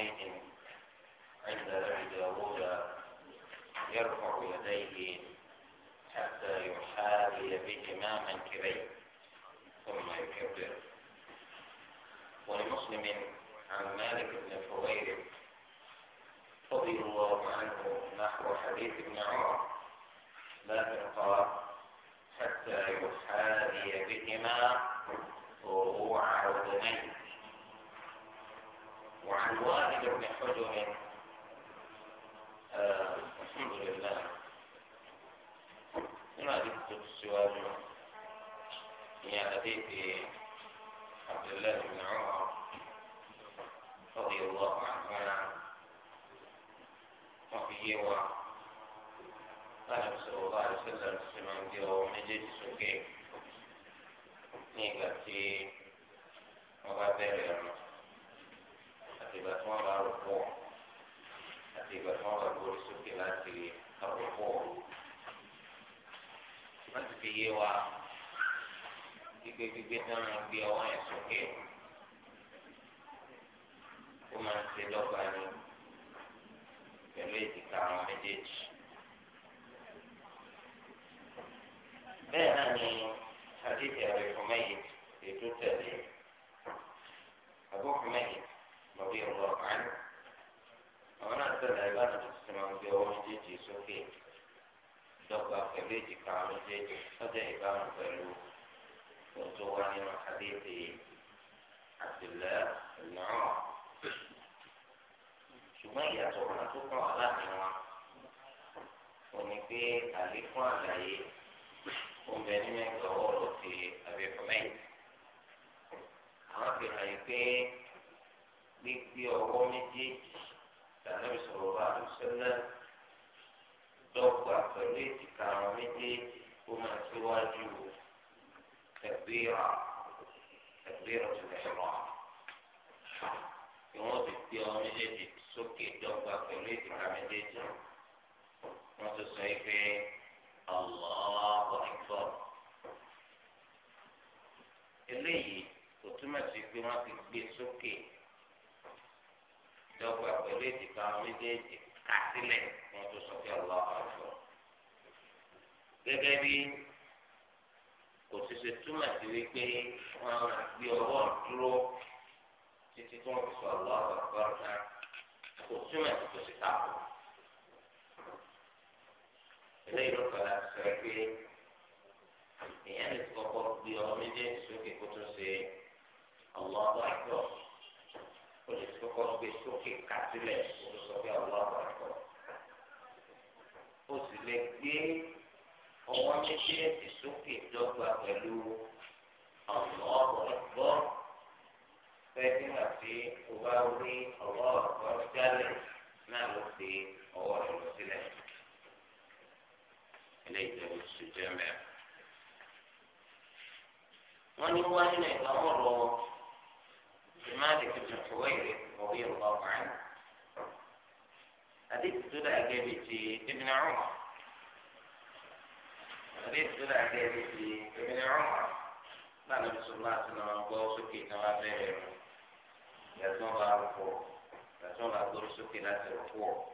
حيث عند أبي داود يرفع يديه حتى يحاذي بهما منكبيه tí wọ́n bá bẹ̀rẹ̀ ọ̀nà àti ìgbà tí wọ́n bá rò pọ̀ àti ìgbà tí wọ́n bá gbórí sókè láti rò pọ̀. wọ́n ti fi yé wa gbígbé tí wọ́n gbé ọwọ́ yẹn sókè ó máa ń ṣe lọ́gbàá ni pẹ̀lú èjìká àwọn méjèèjì. bẹ́ẹ̀ náà ni. حديث أبي حميد ètò tẹ̀lé Abu Humayd radiyallahu anhu àwọn náà sọ̀rọ̀ ẹ̀bá náà tó ti máa ń gbé ọwọ́ méjèèjì sókè dọ́gba pẹ̀lú èjìká méjèèjì lọ́jọ́ ìbámu pẹ̀lú òtún wá nínú àdéhìí àtìlẹ́ ìnáwó ṣùgbọ́n ìyàtọ̀ kan tó kàn wá láàrin wọn ò ní pé àlékún àlàyé. gbígbé ọwọ́ méjèèjì tàbí sọ̀rọ̀ bá àlùsẹ́lẹ̀ dọ́gba pẹ̀lú èjìká àwọn méjèèjì kó máa síwájú ẹ̀gbéra ẹ̀gbéra tó lè rọ̀ kí wọ́n ti gbé ọwọ́ méjèèjì sókè dọ́gba pẹ̀lú èjìká méjèèjì wọ́n ti sọ pé Allahu Akbar eléyìí kò túmọ̀ sí pé wọ́n ti gbé sókè tí wọ́n gbà pẹ̀lú ètìkà méjèèjì kà sílẹ̀ wọ́n tó sọ fún ọlọ́ àjọ. gẹ́gẹ́ bí kò ti ṣe túmọ̀ sí wípé wọ́n á gbé ọwọ́ dúró títí tí wọ́n fi sọ ọlọ́ àgbà náà kò túmọ̀ sí kò sì tààbọ̀. eléyìí ló kọ́lá sọ pé èèyàn lè kọ́kọ́ gbé ọwọ́ méjèèjì sókè kó tó ṣe ọlọ́ àgbà o lè tó kọ́ gbé sókè kásílẹ̀ o sọ pé ọlọ́run ọ̀tọ̀ o sì lè gbé ọwọ́ méjèèjì sókè dọ́gba pẹ̀lú ọlọ́run ọ̀tọ̀ fẹ́ẹ́dì náà tí o bá rí ọlọ́run ọ̀tọ̀ jálẹ̀ náà ló fi ọwọ́ rẹ̀ lọ sílẹ̀ ilé ìjọba ìṣèjọba wọ́n ní wọ́n ní ìgbà wọ́n lọ́wọ́. لمالك بن حويرث رضي الله عنه حديث تدعى جابتي ابن عمر حديث تدعى جابتي ابن عمر قال النبي صلى الله عليه وسلم قال سكي توابير يزور الركوع يزور الدور سكي لا الركوع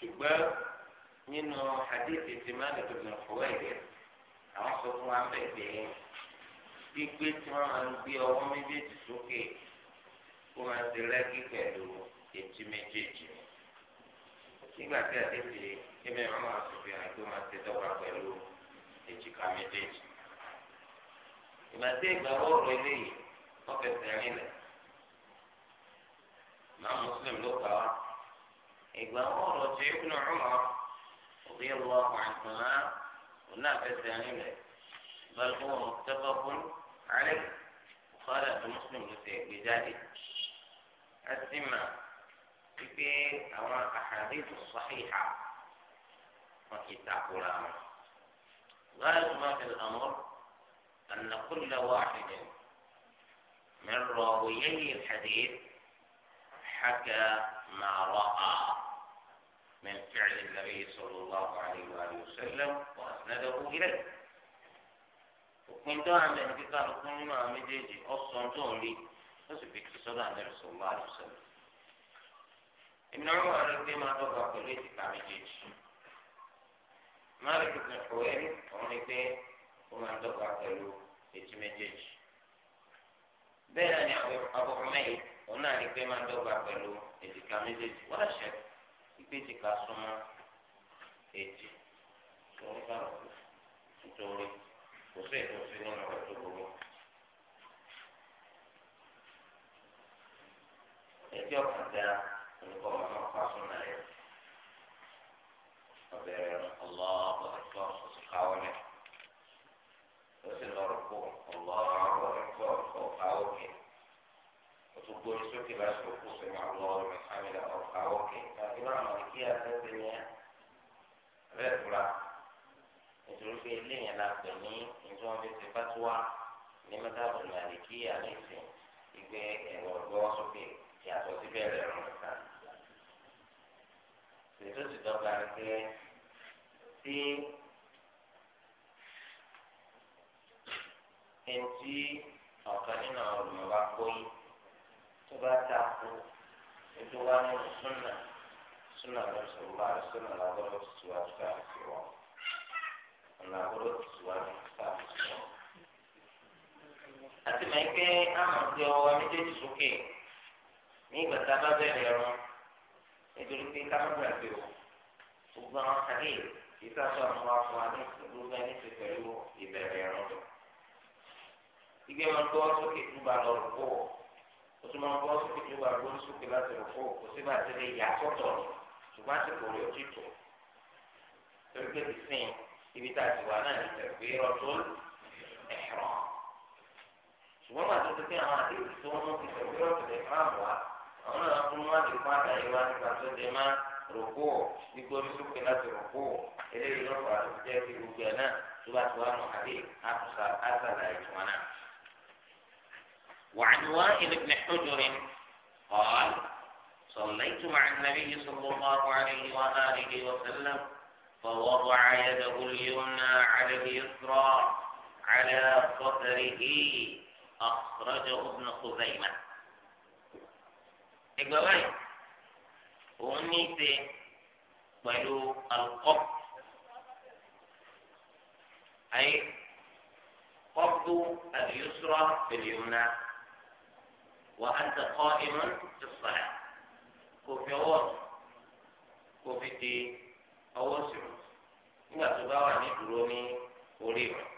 شباب منه حديث مالك بن حويرث عاصم عن بيته gbígbé tí wọn máa ń gbé ọwọ́ méjèèjì sókè kó máa ti rẹ́gí pẹ̀lú etí méjèèjì nígbà tí àdéhùn ẹgbẹ́ wọn máa sọ̀rọ̀ yàrá tó máa ti dọ́gba pẹ̀lú èjìká méjèèjì. ìgbà ìgbà wọ́ọ̀rọ̀ eléyìí wọ́n fẹsẹ̀ rinlẹ̀ máa muslim ló kà wá. ìgbà wọ́ọ̀rọ̀ tí Ibn Umar òbí ẹ̀rọ àwọn àìsàn náà òun náà fẹsẹ̀ bẹ́ẹ̀ tẹ́fọ́ fún un. عليه وقال مسلم إيه؟ بذلك الذمة في أو الأحاديث الصحيحة وكتاب الأمر غاية ما في الأمر أن كل واحد من راويي الحديث حكى ما رأى من فعل النبي صلى الله عليه وآله وسلم وأسنده إليه òpin tó hàn lẹ́nu kíkà ló fún nínú àwọn méjèèjì ọ̀sán tó ń rí ó sì fi kí sọ́dọ̀ àlẹ́ sọ wá àlùsọ̀rọ̀. ìmọ̀ ọ̀rọ̀ rẹ̀ gbé máa dọ́gba pẹ̀lú ètìká méjèèjì. máàlùkù kan kò wẹ́ ọ̀run ni pé ó máa dọ́gba pẹ̀lú ètì méjèèjì. bẹ́ẹ̀ náà ni àbọ̀kùn mẹ́yìn òun náà ni pé máa dọ́gba pẹ̀lú ètìká méjèèjì wọ́n àṣẹ ìpèsìkà súnmọ́ ètì tó ń bá kò sí ètò sí nínú ọ̀rọ̀ tó burú. ẹjọ́ kàdá olùkọ́ màmá pa súnà rẹ̀ ọ̀bẹ̀rẹ̀ ọlọ́ọ̀bọ̀ ẹ̀kọ́ káwọ́lẹ̀ ó sì lọ́rọ̀ kó ọlọ́ọ̀bọ̀ ẹ̀kọ́ káwọ́kẹ̀ ó tún gbórí sókè láti òkú sí máa lọ́ọ̀rọ̀ mẹ́sàmìlà ọ̀káwọ́kẹ̀ láti máa mọ̀ kí àtẹ́sẹ̀ yẹn rẹ̀ fura nítorí ilé yẹn la pè e e ní tí wọ́n fi ṣe fatuwa ní mẹ́tàbù màlìkí àlẹ́sìn ìgbé ẹ̀rọ gbọ́wọ́ sókè yàtọ̀ sí bẹ́ẹ̀rẹ̀ rẹ̀ nìkan. Ṣètò ti dọ́gba ni pé tí ẹntì ọ̀kan nínú àwọn olùmọ̀wá kóyí tó bá ta kú ètò wa nínú súnà súnà lọ́sọ̀rọ̀ wa súnà làbọ̀rọ̀ tó ti wá tó àti wọ́n làbọ̀rọ̀ tó yẹn pé àmọ̀ tí ọwọ́ méjèèjì sókè ní ìgbà tá a bá bẹ̀rẹ̀ ẹ̀rọ nítorí pé kámẹ́rà gbé o gbogbo àwọn kàdé ìta sọ àwọn afọ àní gbogbo ẹni ti pẹ̀lú ìbẹ̀rẹ̀ ẹ̀rọ. ìgbẹ́ máa ń gbọ́ sókè tó bá lọ rò fún ọ o tún máa ń gbọ́ sókè tó bá lọ sókè láti rò fún ọ kò sí bá lè yà sọ́tọ̀ ṣùgbọ́n àsìkò rẹ̀ ò tí tò. torí pé ti sìn ibi tá a ti wà náà ní ṣùgbọ́n máa tó pé àwọn àdéhùn tó ń fi ṣòwò ọ̀sẹ̀ máa wà àwọn náà fún wọn lè fún àtàyè wa nípa tó dé má rògbò gbígbó ní sókè láti rògbò eléyìí ló fà á tó jẹ́ kí gbogbo ẹ̀ náà tó bá tó wà nù àdéhùn àtúnṣe àtàlà ìtumọ̀ náà. وعن وائل بن حجر قال صليت مع النبي صلى الله عليه وآله وسلم فوضع يده اليمنى على اليسرى على صدره أخرجه ابن خزيمة إجابة ونيسي بلو القبض أي قبض اليسرى في اليمنى وأنت قائم في الصلاة كوفي أوص كوفي تي أوص nígbà تباوى bá wà ní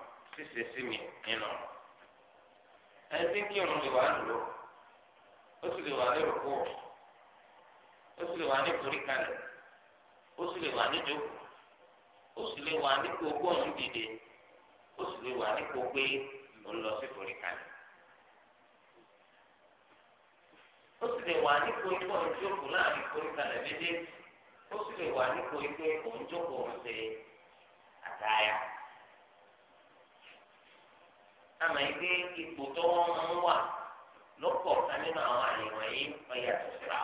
ṣíṣe sí mi nínú ẹni tí ń kírun lè wà lò ó sì lè si lérò kó ó sì lè wà ní torí ó sì lè wà ní jókòó ó sì lè wà ní gbogbo òun dìde ó sì lè wà ní gbogbo òun lọ sí torí ó sì lè wà ní gbogbo jókòó láàrin méjèèjì ó àmọ́ ike ipò tó wọ́n máa ń wà lọ́pọ̀ kan nínú àwọn àyè wọ̀nyí wọ́n yàtọ̀ síra.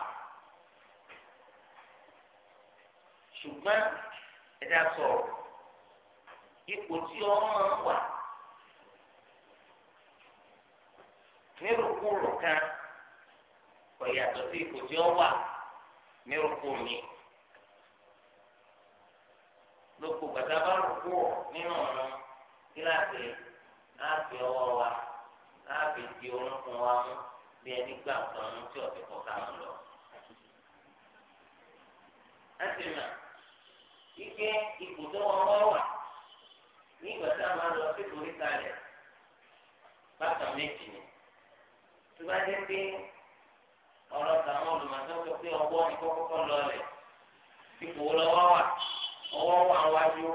ṣùgbọ́n ẹ̀dá sọ̀rọ̀ ipò tí wọ́n máa ń wà nírúkúrú kan kò yàtọ̀ sí ipò tí wọ́n wà nírúkú mi. lóko gbàdábà rúkú nínú ọ̀nà kíláàsì yìí. láàfi ọwọ́ wa na di orúnkún wa mú bí ẹni gbà kan mú tí ọ̀tẹ̀ lọ. láti ike ipò tó wọn wá wà nígbà tá a máa lọ sí orí kalẹ̀ bákan méjì ni dé pé ọ̀rọ̀ olùmọ̀tò pé kọ́kọ́kọ́ lọ rẹ̀ ipò lọ́wọ́ wà ọwọ́ wà wájú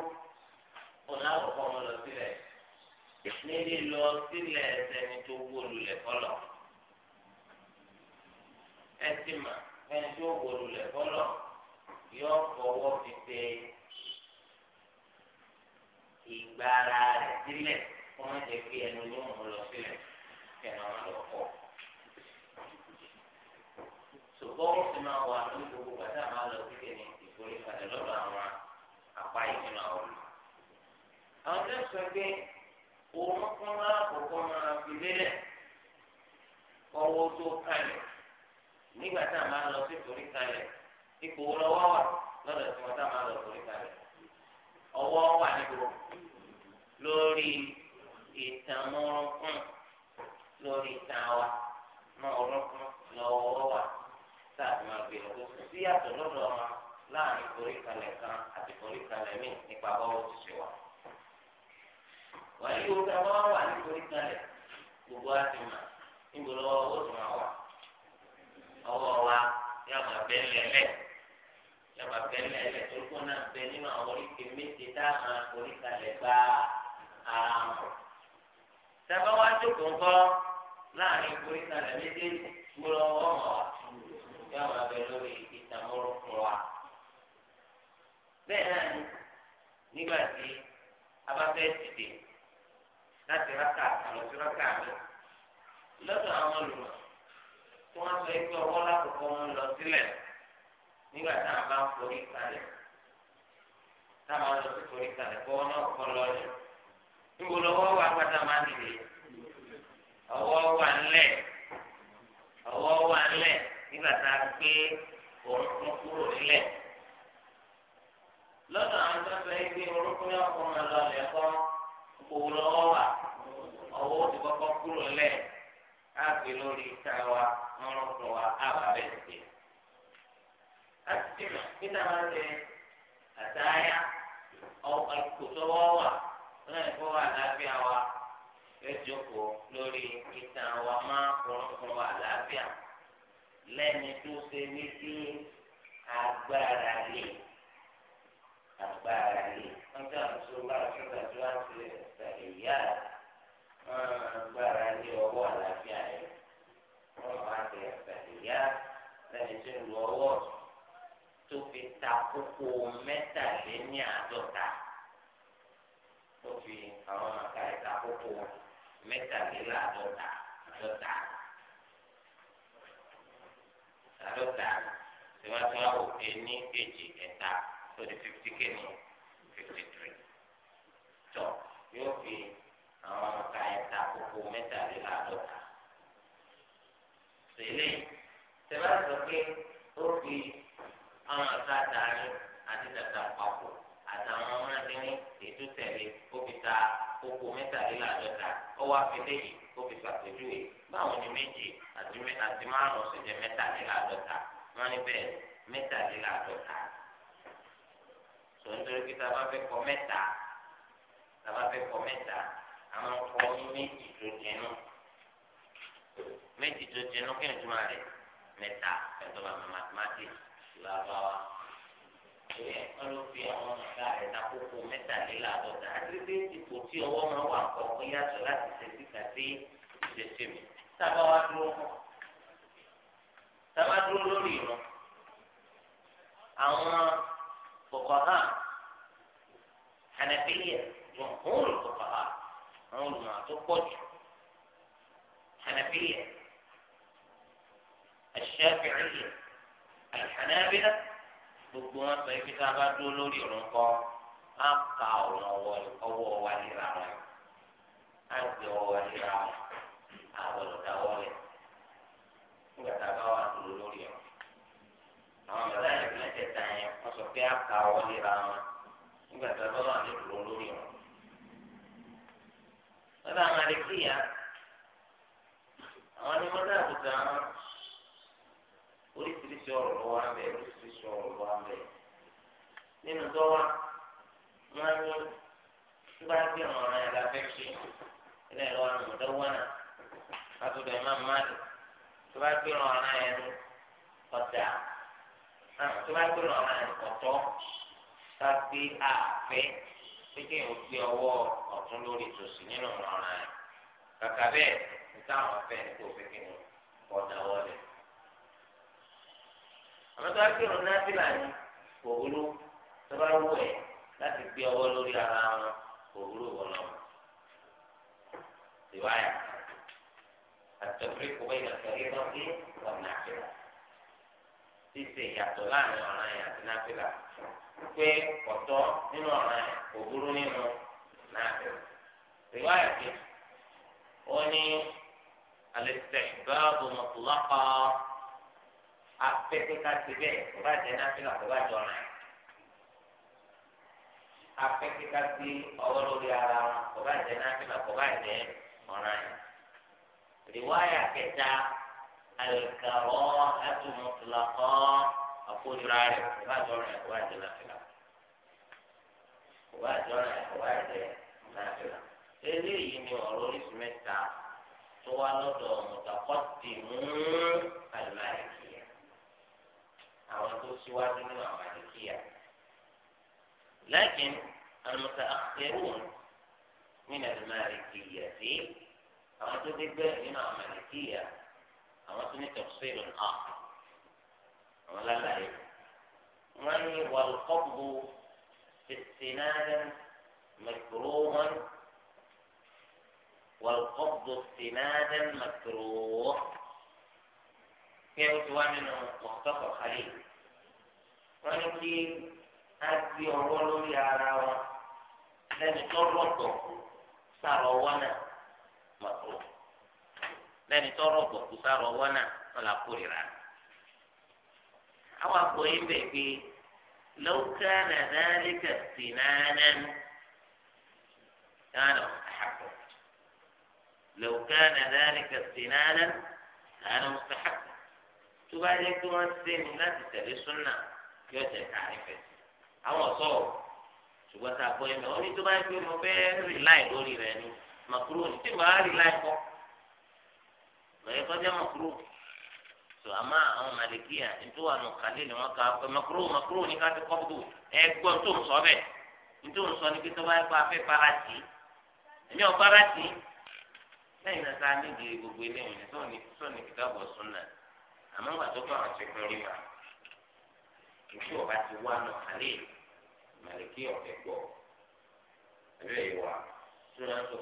níbi lọ sílẹ̀ ẹsẹ̀ni tó wó lulẹ̀ fọlọ̀ ẹtì mà ẹni tó wó lulẹ̀ fọlọ̀ yọ fọwọ́ fi tẹ ìgbára rẹ̀ sílẹ̀ kó má jẹ́ kí ẹnu ní òun lọ sílẹ̀ kí ẹnu àwọn lọ kọ́. ṣùgbọ́n ó sì máa wà ní gbogbo pàtó àwọn lọ sí kẹ́ni ìforíkalẹ̀ lọ́dọ̀ àwọn apá ìdúnà ọ̀rọ̀. àwọn tó ń sọ pé òun fún wa kọ̀kọ́ máa fi lélẹ̀ ọwọ́ tó kalẹ̀ nígbà tá a máa lọ sí torí kalẹ̀ ipò lọ́wọ́ wà lọ́dọ̀ tí wọ́n tá a máa lọ torí kalẹ̀ ọwọ́ wà níbo lórí ìtàmọ́rọ́kùn lórí ìtàn wa mọ́ lọ́wọ́ wà tá a máa gbé lọ́wọ́ sí yàtọ̀ lọ́dọ̀ wọn láàrin torí kalẹ̀ kan àti torí kalẹ̀ míì nípa bọ́wọ́ ti ṣe wà wàá yóò ká wọn wà nítorí kalẹ̀ gbogbo àti mà níbo lọ́wọ́ owó tó máa wà ọwọ́ wa yà máa bẹ lẹ́lẹ̀ yà máa bẹ lẹ́lẹ̀ tó kó náà bẹ nínú àwọn oríkè méje tá a máa torí kalẹ̀ gba ara wọn. sábà wá jókòó ńkọ́ láàrin torí kalẹ̀ méje gbogbo lọ́wọ́ wọn wà yà bẹ lórí ìtàmúrúkọ wa. bẹ́ẹ̀ náà nígbà tí a bá fẹ́ dìde láti rákà àwọn sí rákà mi lọ́dọ̀ àwọn olùmọ̀ tí wọ́n sọ pé ọwọ́ lákòókò ń lọ sílẹ̀ nígbà tá a bá ń forí kalẹ̀ tá a máa lọ sí forí kalẹ̀ kó wọn náà kọ́ lọ yẹn níbo lọ́wọ́ wà pátá máa nìyí ọwọ́ wà ńlẹ̀ ọwọ́ wà ńlẹ̀ nígbà tá a gbé orúkún kúrò nílẹ̀ lọ́dọ̀ àwọn tó ń sọ orúkún yóò kọ́ máa lọ lẹ́kọ́ owó lọ́wọ́ wà ọwọ́ ti kọ́kọ́ kúrò lẹ̀ áàgbé lórí ìta wa mọ́rọ́kọ̀ wa àbá bẹ́ẹ̀ sí. láti fi mọ̀ kí náà máa ṣe àtàyà ọkọ̀ tọwọ́ wà náà kó wà láàbíà wa ẹjọ́kọ̀ lórí ìta wa máa kọ̀ọ̀kan wà láàbíà lẹ́ni tó ṣe ní sí agbára lè agbára lè wọ́n tẹ́ àwọn ìṣòro bá a ṣọ́ta tó wá sílẹ̀ sàlìyà wọn gbára lé ọwọ́ àlàáfíà rẹ wọn máa tẹ sàlìyà lẹni tó ń lo ọwọ́ tó fi ta kókó mẹ́tàléní àádọ́ta tó fi àwọn màkà ìta kókó mẹ́tàléláàádọ́ta àádọ́ta àádọ́ta tí wọ́n ti wá wò pé ní èjì ẹ̀ta tó di fifty kẹ́ni fifty three tó yóò fi àwọn ọ̀ka ẹ̀ka kókó mẹ́tàléláàádọ́ta. Sèlè tẹ̀lé sọ pé ó fi àwọn ọ̀ka dàrí àti tàtà papọ̀ àtàwọn ọmọdéní ètò tẹ̀lé ó fi ta kókó mẹ́tàléláàádọ́ta ó wá fi léyìí ó fi ṣàpèjúwe báwọn ní méjì àti márùn-ún sì jẹ́ mẹ́tàléláàádọ́ta wọ́n ní bẹ́ẹ̀ mẹ́tàléláàádọ́ta. Sọ̀rọ̀ nítorí pé tá a bá fẹ́ kọ mẹ́ta tàbá fẹ́ kọ mẹ́ta àwọn kọ méjì tó jẹnu méjì tó jẹnu kí ni tó máa rẹ̀ mẹ́ta ẹ̀tọ́ bá mi mathematics làbáwa ìwé ẹ̀kọ́ ló fi àwọn ọ̀gá rẹ̀ takoko mẹ́tàléláàdọ́ta àdúgbò ìdìbò tí ọwọ́ máa wà kọ́ ó yàtọ̀ láti ṣe síta sí ìṣẹ̀ṣẹ̀ mi sábà wá dúró mọ́ sábà dúró lórí ìran àwọn kòkòrán ànàfíyẹ̀. جمهور الفقهاء علماء تقول حنفية الشافعية الحنابلة بقوم في كتاب دولوري رنقا أقطع ونوال أو وحيرا أنت وحيرا أول دولة كتاب دولوري أما نعم، ذلك من تتعين أصبح أقطع وحيرا إذا تبضى عن دولوري رنقا lábẹ́ àwọn àríkìyà àwọn ni wọ́n dáàbò tà wọ́n oríṣiríṣi ọ̀rọ̀ lọ́wọ́ abẹ́ oríṣiríṣi ọ̀rọ̀ lọ́wọ́ abẹ́ nínú tọ́wá wọ́n á ní tí bá gbé ọ̀ràn ẹ̀ lábẹ́ ṣe ilé ẹ̀rọ àmọ̀dọ́wọ́ náà látọ̀dọ̀ ẹ̀ máa má lò tí bá gbé ọ̀ràn ẹ̀ ní ọ̀dà tí bá gbé ọ̀ràn ẹ̀ ọ̀tọ̀ tá a gbé àfẹ́ pé kéèyàn ó gbé ọwọ́ ọ̀tún lórí tòsí nínú ọ̀ràn rẹ̀ kàkà bẹ́ẹ̀ ní táwọn afẹ́ ní kò fẹ́ kéèyàn kọ́ dáwọ́ lẹ̀. àwọn tó bá kírun náà fìlà ní òwúrú tó bá wù ẹ̀ láti gbé ọwọ́ lórí ara wọn òwúrú wọn lọ. ìwáyà àtẹ̀wé kò bẹ́ẹ̀ yàtọ̀ yẹ́ lọ́kí wọn nà fìlà ṣíṣe ìyàtọ̀ láàrin ọ̀ràn yẹn àti náfìlà pé ọ̀tọ̀ nínú ọ̀ràn yẹn kò burú nínú náfìlà. rìwáyà kejì ó ní alẹ́sẹ̀gbáàbò mọ̀tòlápá afẹ́kẹ́ká ti bẹ́ẹ̀ kò bá jẹ́ náfìlà kò bá jọ ọ̀ràn yẹn. afẹ́kẹ́ká sí ọwọ́ lórí ara wọn bá jẹ́ náfìlà kò bá jẹ́ ọ̀ràn yẹn. rìwáyà kẹta. الكراهة مطلقا أقول رأي واحد ولا واحد لا فلا واحد ولا واحد لا فلا إلي يني أروي سمتا توالو دو متقدمون المالكية أو توسي واحد من المالكية لكن المتأخرون من المالكية أو تدبر من المالكية. أعطني تفصيل آخر ولا لا من والقبض استنادا مكروها والقبض استنادا مكروه في عدوان مختصر خليل ونكي أبي أولو يا راوة لن تربطه سروانا مكروه lẹ́ni tọrọ gbọ̀kú sáró ọwọ́ náà wọn là kórìíra. àwọn àgbọ̀yé bẹ̀ pé lọ́wọ́ká nàdáríkà sí náná kánà àhàkọ́ lọ́wọ́ká nàdáríkà sí náná kánà mùsàhàkọ́ tó bá yẹ kí wọ́n sẹ́ni láti tẹ̀lé súnà yóò jẹ́ káàrin fẹ̀ sí. àwọn sọ̀rọ̀ ṣùgbọ́n tá a gbọ́ yẹn mọ́ ó ní tó yẹ kí wọ́n fẹ́ rìláì lórí rẹ̀ ni màkúrò ní tí màá rìláì kọ́. lọ́yẹ́ kọjá a tó àmọ́ àwọn màlìkíyà nítorí àwọn kàlẹ́ ni wọ́n kà pé mọ̀kúrò mọ̀kúrò ní ká ti kọ́ bò ẹ tó ń sọ bẹ́ẹ̀ nítorí ń sọ ẹ̀mí ọ̀ lẹ́yìn náà sáà gbogbo àmọ́ wà tó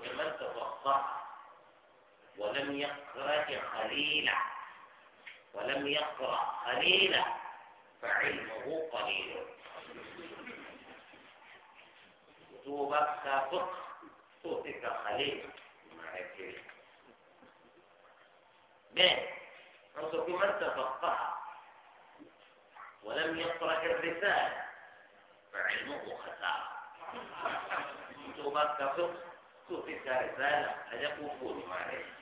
kọ́ wa ọba ولم يقرأ خليلا ولم يقرأ خليلا فعلمه قليل توبة فقه توبك خليل مع أكيد بين انظر من تفقه ولم يقرأ الرسالة فعلمه خسارة توبة فقه توبك رسالة هذا قفول معرفة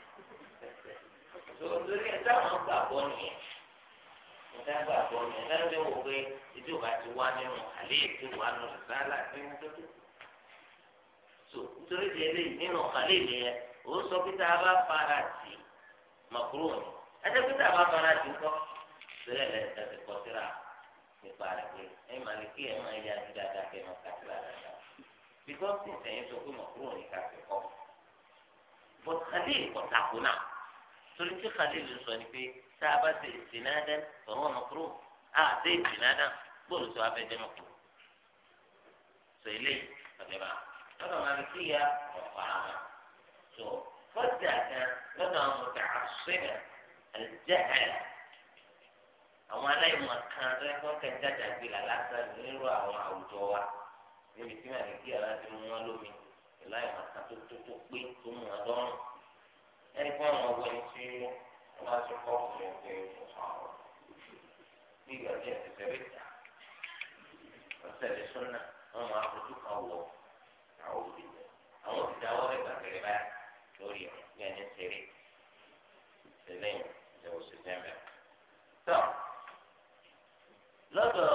lórí ẹ̀dá àwọn gbàgbọ́ nìyẹn ẹ̀dá gbàgbọ́ nìyẹn lẹ́nu wò pé ìdí òbá ti wá nínú àlẹ́ ètò wà nù sálà nínú tótó so nítorí ti eléyìí nínú ó sọ a bá fara a fara nípa pé lè kí dáadáa kà sọ pé kọ́ ìkọ̀tàkùn torí tí khalil sọ ni pé tá a bá ṣe ìsìnádá tọ̀wọ́ mọ̀kúrò a ṣe ìsìnádá bóòlù tó a fẹ́ jẹ́ mọ̀kúrò sọ eléyìí ọ̀dẹ̀bà lọ́dọ̀ máa fi kíyà ọ̀pá àwọn tó kọjá kan lọ́dọ̀ àwọn mọ̀tà àṣẹ́yà àjẹ́hẹ̀ẹ́ àwọn aláìmọ̀ kan lẹ́kọ̀ọ́ kẹjáde àgbélà lásán nírú àwọn àwùjọ wa níbi tí màá fi kíyà ẹni fún àwọn ọgbẹ tí wọn bá ti kọ fún yẹn pé kò sọ àwọn bí ìgbà tí ẹsẹ fẹẹ bẹ tà ọsẹ lè sọnà wọn máa fojú kan wọ àwọn òbí àwọn òbí dáwọ rẹ gbàgbẹrẹ báyìí lórí ẹ bí ẹni tẹrẹ tẹ́lẹ̀ ìjọ òṣìṣẹ́ mẹ. tó lọ́dọ̀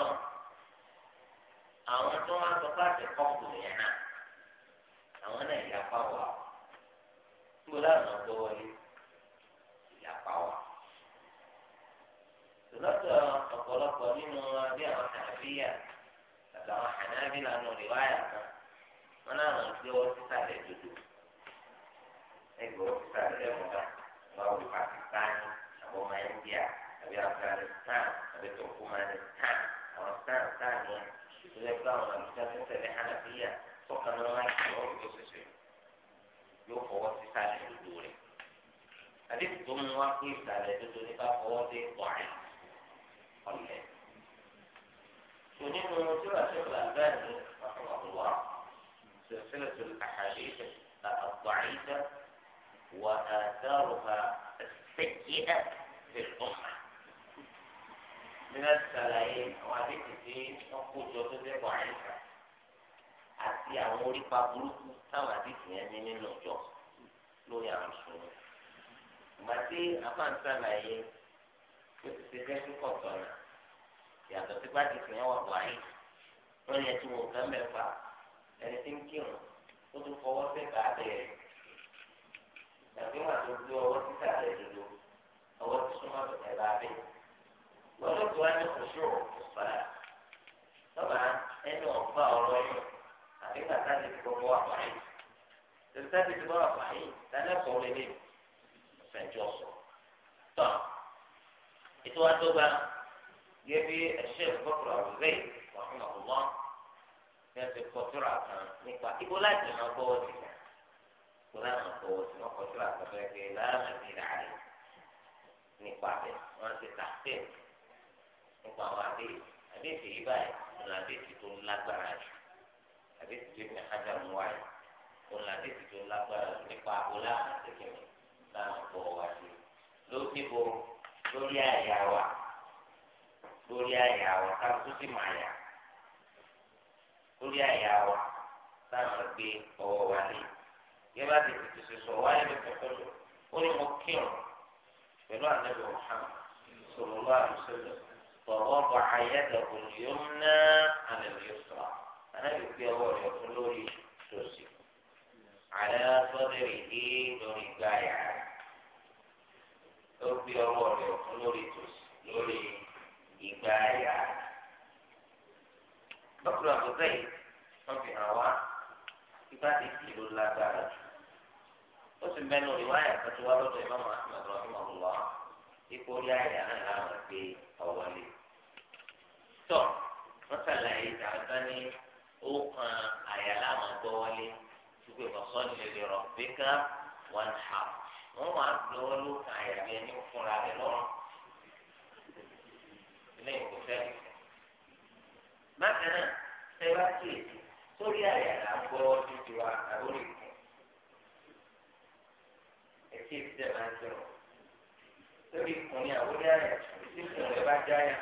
àwọn tó máa sọ pé àtẹ̀kọ́ kù nìyẹn náà àwọn náà yà pa wà ó mo láàrín ọ̀dọ́ wọlé ìyapa wa. lọ́dọ̀ ọ̀pọ̀lọpọ̀ nínú bí àwọn àbíyà àtàwọn ànábìlà nù rìwáyà kan wọn náà ń gbé ọtí sàlẹ̀ dúdú ẹgbẹ́ ọtí sàlẹ̀ mọ́ta wọn wọ Pakistani àbọ̀ ọmọ India àbí Afghanistan àbí Turkmenistan àwọn sàn sàn yẹn ìṣẹ̀lẹ̀ fún àwọn àbíkà tó tẹ̀lé ànábìyà sọ́kànnà wọn láti ọ̀rọ̀ tó ṣẹṣẹ. yóò fọwọ́ sí sálẹ̀ dodo rẹ̀ àdéhùn tó mú wá pé ìsàlẹ̀ dodo ní ká fọwọ́ sí ọ̀rìn ọ̀lẹ̀ tó nínú tíra tíra bẹ́ẹ̀ ni àfọwọ́ سلسلة الأحاديث الضعيفة وآثارها السيئة في الأمة من السلايم وهذه في أخوة ضعيفة àti àwọn orípa burúkú táwọn àdìsí yẹn ní nínú ìjọ lórí àwọn ìṣòro ìgbà tí afáǹsàlàyé tó ti ṣe jẹ́ kíkọ̀ tọ̀nà yàtọ̀ sí pàtì sí yẹn wà wáyé wọ́n yẹ tí wọ́n kàn mẹ́fà ẹni tí ń kírun ó tún fọwọ́ sẹ́ka abẹ́rẹ́ tàbí wọn àti ojú ọwọ́ títà rẹ̀ dodo ọwọ́ tí súnmọ́ bẹ̀rẹ̀ bá bẹ̀. lọ́dọ̀ tó wá ní kòṣù ọ̀pọ̀ sọ́ra lọ́ba ẹni ọ̀gbà ọ̀rọ̀ yìí nígbà táti ti gbogbo wà fàáyì tẹ̀sí táti ti gbogbo wà fàáyì táti ẹ̀kọ́ lè ní ìfẹ̀jọ́ sọ. tọ́ ètò àdógba gẹ́gẹ́ ẹ̀ṣẹ́ ìfọ́kùrọ̀ àwùjọ wàhùn àwùmọ́ ní ẹ̀ṣẹ̀ kọ́tùrà kan nípa ibo láti máa gbọ́wọ́ sí i kó láti máa gbọ́wọ́ sí i wọ́n kọ́tùrà kan fẹ́ pé láàmì ìlà rẹ̀ nípa rẹ̀ wọ́n ti tàṣẹ́ nípa àwọn àdéhìí àdéhìí báyìí ní àdéhìí tó lágbára jù àdéhùn tó ní ajá mú wáyé òun làdéhùn tó lágbára nípa abúlé àwọn àtẹkẹmẹ láwọn ọkọ wa sí ló dìbò lórí àyà wa lórí àyà wa ká tó sì máa yà lórí àyà wa táwọn gbé ọwọ́ wa lé yẹ bá ti tètè ṣe sọ wáyé ló kẹ́kọ̀ọ́ lò ó ní mo kírun pẹ̀lú ànábì Muhammad sọ̀rọ̀ lọ́wọ́ àdúgbò tọ̀wọ́ bọ̀ ayé dàgbò yóò ná àlẹ́ yóò anábì pé ọwọ́ rẹ̀ fún lórí tòsí àlẹ́ sọ́dẹ̀rì dé lórí gbáyà ó pé ọwọ́ rẹ̀ fún lórí tòsí lórí ìgbáyà. lọ́kùnrin àtúntẹ̀ yìí wọ́n fi hàn wá ibà ti kì ló lágbára jù ó sì mẹ́nu ìwáyà kan tó wá lọ́dọ̀ ìmọ̀ Ahmed rahimahullah ipò orí àyà náà làwọn gbé ọwọ́lé. tọ́ wọ́n ṣàlàyé ìdáńtá ní ó kan àyàlá àwọn tó wọlé ṣùgbọ́n ìwọ̀sọ́ lè lè rọ̀ bíkà wọn hà wọ́n wà lọ́wọ́ ló kan àyàlá ẹni fúnra rẹ̀ lọ́rùn ilé ìkó fẹ́ẹ́ bákan náà ẹ bá kíyèsí sórí àyàlá gbọ́ títí wa àbórí kù ẹ ti dẹ̀ máa ń sọ̀rọ̀ lórí ìkùnrin àwòrán ẹ̀ tí ìkùnrin bá jáyà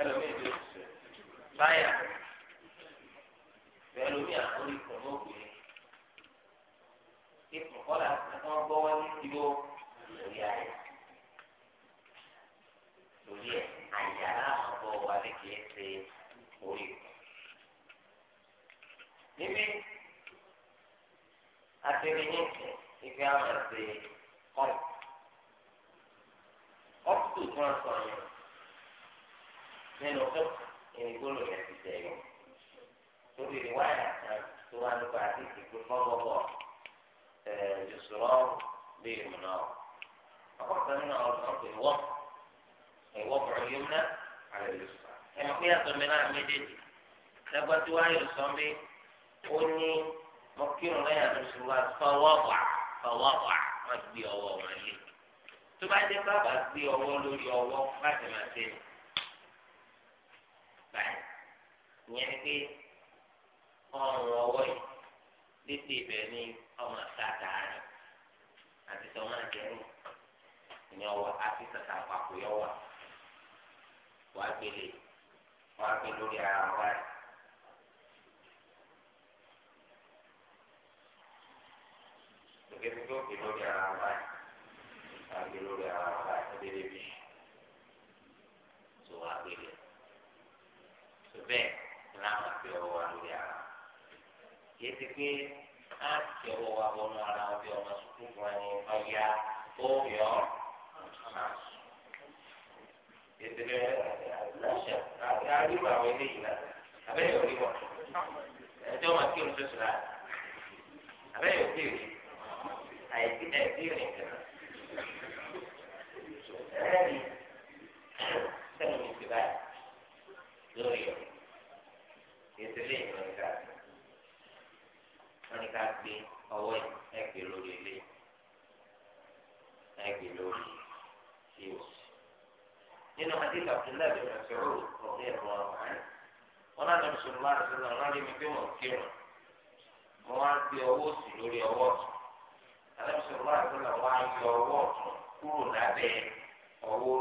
ẹlòmíì ló sọ báyà bẹ́ẹ̀ lómi àkórí kò ní obìnrin ikùn kọ́lá wọn gbọ́ wọn ní ti o lórí ayé lórí ẹ̀ àyàrá àbọ̀ wà ní kìí ṣe orí kù. níbi àtẹnìyàn ìfẹ́ àwọn ẹ̀sẹ̀ ọ̀pọ̀ ọ̀pọ̀ tó tún àṣọ yẹn nínú ọ̀pọ̀ ìrìngbọ́n lòyìn àti ìṣẹ̀yọ̀ lórí ìwáyà kan tó wá nípa àti ìpè fọ́wọ́bọ̀ ìṣòro bí ìmùnà ọkọ̀ọ̀kan nínú àwọn ọ̀dọ́ pé wọ́n ìwọ́n kọ̀ yóò ná àlẹ́ yóò sọ ẹ̀mọ́ pé yàtọ̀ mi náà méjèèjì lẹ́gbọ́n tí wáyà yóò sọ mí ó ní mo kírun lẹ́yìn àtúnṣe wa fọwọ́bà fọwọ́bà wọ́n gbé ọwọ́ wọn lé tó bá dé bàbá gbé ọwọ́ lórí ọwọ́ láti máa ṣe báyìí ìyẹn ni pé ọrùn ọwọ́ yìí títí ibẹ̀ ni ọmọ àtàtà rẹ̀ àti tọ́mọ àjẹrù ni ọwọ́ àti tàtà àpapọ̀ yọ wà wà gbélé wà gbé lórí ara wa rẹ̀. Gbẹ́gbẹ́ òkè lórí ara wa rẹ̀ wà gbé lórí ara wa rẹ̀ ọdẹ bẹ́ẹ̀ bí tó wà gbélé. Sọ bẹ́ẹ̀. kìí eh, eh, ti pé eh, á ti ọwọ́ wa wọnú ara wọn bí ọmọ sùkúù fún ẹni ọ̀yà òòyọ̀ ìdílé lọ́sẹ̀ àti àríwá àwọn eléyìí náà abẹ́yẹ̀ orí wọn ẹjọ́ máa kí n tó sùn láti abẹ́yẹ̀ òkè rí àìsí ẹ̀dí rìn kan ẹ̀rí sẹ́nu mi ti báyìí lórí ọ̀ ìdílé ìrìn wọn ni ká gbé ọwọ́ ẹgbẹ́ lórí ilé ẹgbẹ́ lórí tí o sì. nínú hadith abdullahi bin masoud rọ̀bí ẹ̀rọ ọ̀hán wọn náà lọ́dún sọ̀rọ̀ láti sọ̀rọ̀ àwọn ọ̀rẹ́ mi pé wọ́n kírun mo wá gbé ọwọ́ sí lórí ọwọ́ ọ̀tún àlọ́dún sọ̀rọ̀ láti sọ̀rọ̀ wá yọ ọwọ́ ọ̀tún kúrò lábẹ́ ọwọ́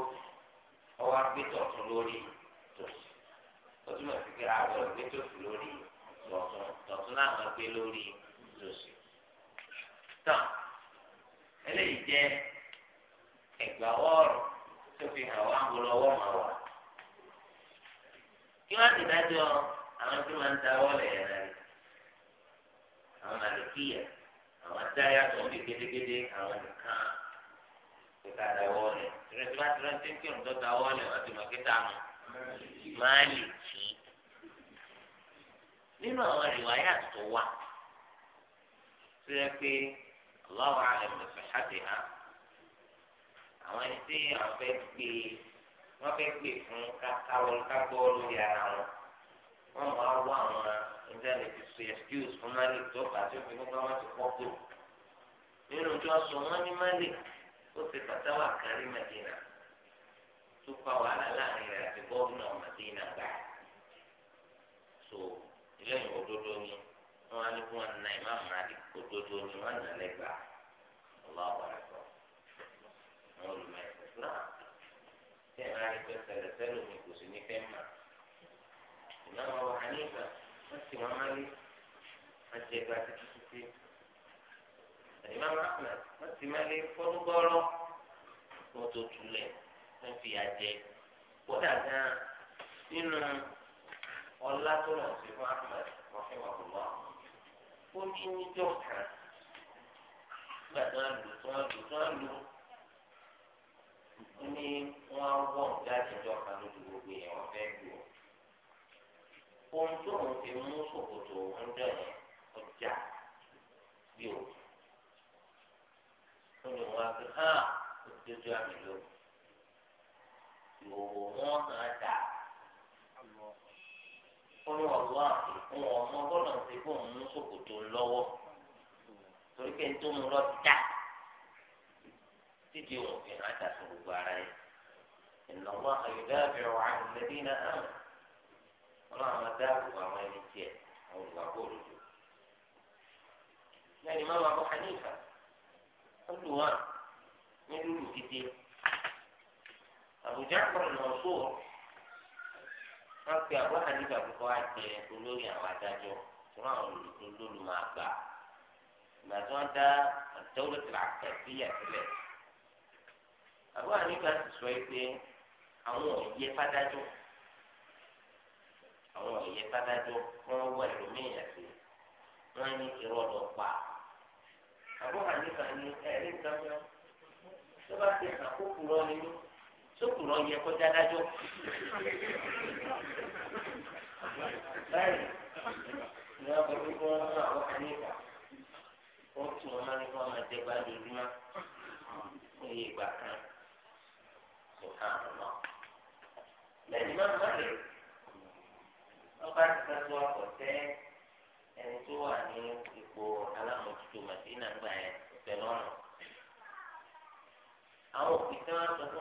ọwọ́ agbẹ́tọ̀ ọ̀tún lórí tòsí. ó túmọ̀ sí pé àwọn ọ̀gbẹ́tọ̀ lórí tòsí tọ̀tún láwọn gbé lórí lòsì. tán eléyìí jẹ́ ẹ̀gbà wọ́ọ̀rù tó fi hàn wá ńgbọ́lọ́wọ́ máa wà. kí wọ́n ti dájọ́ àwọn tí wọ́n ń ta wọ́ọ̀lù yẹn náà rí àwọn màlìkíyà àwọn táyà tó ń bí gédégédé àwọn nìkan tó ká da wọ́ọ̀lù. tìrẹsì bá tìrẹsì ń kírun tó da wọ́ọ̀lù àti màkítà mọ́ máàlì kìí nínú àwọn ìwáyà tó wà tó yẹ pé ọlọ́wọ́ àlẹ́mọ̀sán ṣáde ha àwọn ẹni tí àwọn fẹ́ gbé wọ́n fẹ́ gbé fún káwọ́ kágbọ́ lórí ara wọn wọ́n mọ̀ á wọ àwọn ìńtánẹ́ẹ̀tì sọ excuse fún malik tó bá tó fi kókó wọn ti pọ̀ tó nínú tí sọ wọ́n ní malik ó ti pàtà wà kárí madina tó fa wàhálà láàrin rẹ̀ àti bọ́ọ̀lù madina gbáà lẹ́yìn òdodo ni wọ́n á ní kí wọ́n na ìmáàmù Málíkì òdodo ni wọ́n nà lẹ́gbàá ọlọ́wọ́ àgbọ̀ àwọn olùmọ̀ẹ́sẹ̀ náà tí ẹ̀ máa rí pé sẹ̀lẹ̀sẹ̀lẹ̀ omi kò sí ní fẹ́ mà ìmáàmù ọ̀wọ̀ àníkà wọ́n ti wọ́n máa rí wọ́n jẹ gba títí títí ìmáàmù àmà wọ́n ti máa rí fọ́nùgbọ́rọ́ ọlá tó lọ sí fún ahmed mọ̀fẹ́wàbùmọ́ ó ní níjọ́ kan nígbà tí wọ́n lù tí wọ́n lù tí wọ́n lù ní wọ́n wọ̀ jáde jọ kan lójú gbogbo yẹn wọ́n fẹ́ lù ó ohun tó ń fi mú ṣòkòtò òun dẹ̀ yẹn ọjà bí o ó ní wọn fi hàn ó ti dójú àmì lò ìwòwò wọn hàn dáa ó ní ọ̀lá òun ọmọ gbọ́dọ̀ ṣe fún òun ní ṣòkòtò lọ́wọ́ torí pé tó mú lọ dá títí òun fi hàn dà sí gbogbo ara yẹn ìnáwó àyùdá àbẹ̀rẹ̀ wà ní lẹ́bí náà hàn wọn làwọn máa dáàbò àwọn ẹni tiẹ̀ àwọn olùgbàgbọ́ òdodo lẹ́yìn máa wà bọ́ hanifa ó lù wá ní lùlù gidi àbújá kọ̀ọ̀nà ọ̀ṣọ́ wọn pe àbọ̀ hanifa kókó wá jẹ olórí àwọn adájọ́ tí wọn àwọn olólù máa gbà ìgbà tí wọn dá àtẹwọlẹ tìlà àtẹsíyà sílẹ̀ àbọ̀ hanifa sì sọ pé àwọn òye fádájọ́ àwọn òye fádájọ́ wọn wọ ẹlòmíràn sí wọn ní irọ́ lọ pa àbọ̀ hanifa ní ẹ̀rí nǹkan mọ́ tó bá ti hàn kókó lọ nínú sókùrọ̀ yẹ kọjá dájọ́. báyìí ní wọn kọ pé wọn àwọn kanífà ó tún wọn ní wọn máa jẹ gbàdúrà lójúmọ́ ní ìgbà kan sọ̀tàn àwọn.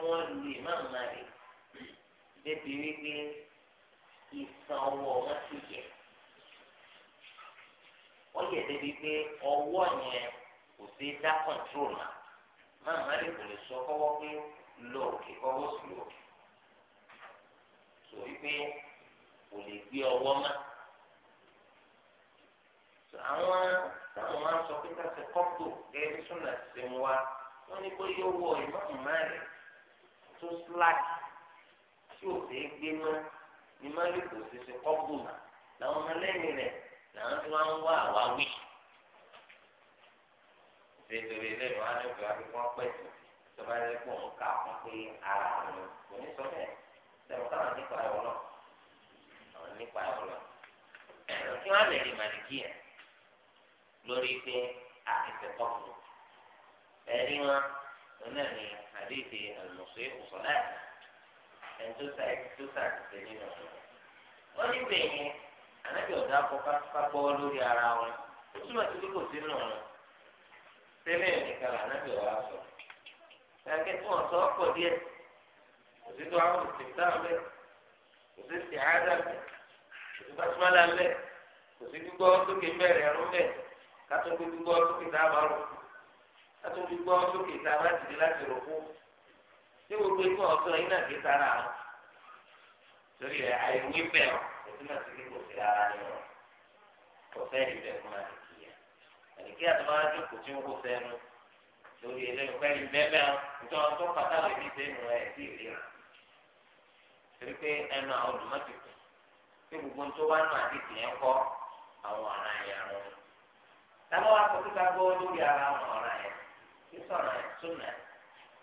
wọ́n lu ìmáà mari débi wípé ìsan ọwọ́ wọn ti yẹ ó yẹ débi pé ọwọ́ yẹn kò sí dá kọ̀ǹtrol náà máa mari kò lè sọ kọ́wọ́ pé lọ òkè kọ́wọ́ sí òkè sọ wípé kò lè gbé ọwọ́ mọ́ àwọn táwọn máa ń sọ pé ká kọ́pù gẹ́gẹ́ bí súnà ṣe wá wọ́n ní pé yóò wọ ìmáà tó slack tí ò fẹ́ gbé mọ́ ni malik kò ṣe ṣe kọ́bù mà làwọn ọmọlẹ́yìn rẹ̀ làwọn tí wọ́n ń wá àwa wí. nítorí ilé ìwà ni òkè akẹ́kọ̀ọ́ pẹ̀sì tó bá yẹ kó ń kà fún pé ara àwọn kò ní sọ bẹ́ẹ̀ lẹ́wọ̀n káwọn nípa ẹ̀rọ lọ àwọn nípa ẹ̀rọ lọ. kí wọ́n lè rí màlìkì yẹn lórí pé àìsèkọ́bù ẹ̀rí wọn. ونعني حديث المصيب صلاة أن تسعد سنين ونبيه أنا بيودا فقط فقولوا لي أراون ثم تقولوا سنون سنين كلا أنا بيودا لكن هو صوفه ديت وزيدوا عمل استفتاح به وزيد استعادة به وزيد بسملة به وزيد قوة سوكي مباري أرون به كاتو قوة سوكي تعمل látòbí gbọ́ sókè tá bá ti di láti rò kú tí gbogbo ikú ọ̀sán yìí náà kì í sára wọn torí ẹ̀ àìwí bẹ́ẹ̀ ọ̀ kò sí náà sí kí kò sí ara ni wọn kò fẹ́ ìbẹ̀ fún àdìkíyà àdìkíyà tó máa dúkù tí ń kó sẹ́nu lórí eléyìí pẹ́ ní bẹ́ẹ̀ nítorí wọn tó pàtàkì bí sẹ́nu ẹ̀ sí ìlera torí pé ẹnu àwọn olùmọ̀tìkù tí gbogbo tó bá nù àdìkíyà kọ́ àwọn ọ̀ràn ẹ̀yà wọn. táwọn akọ̀tún sísọ̀rọ̀ súnà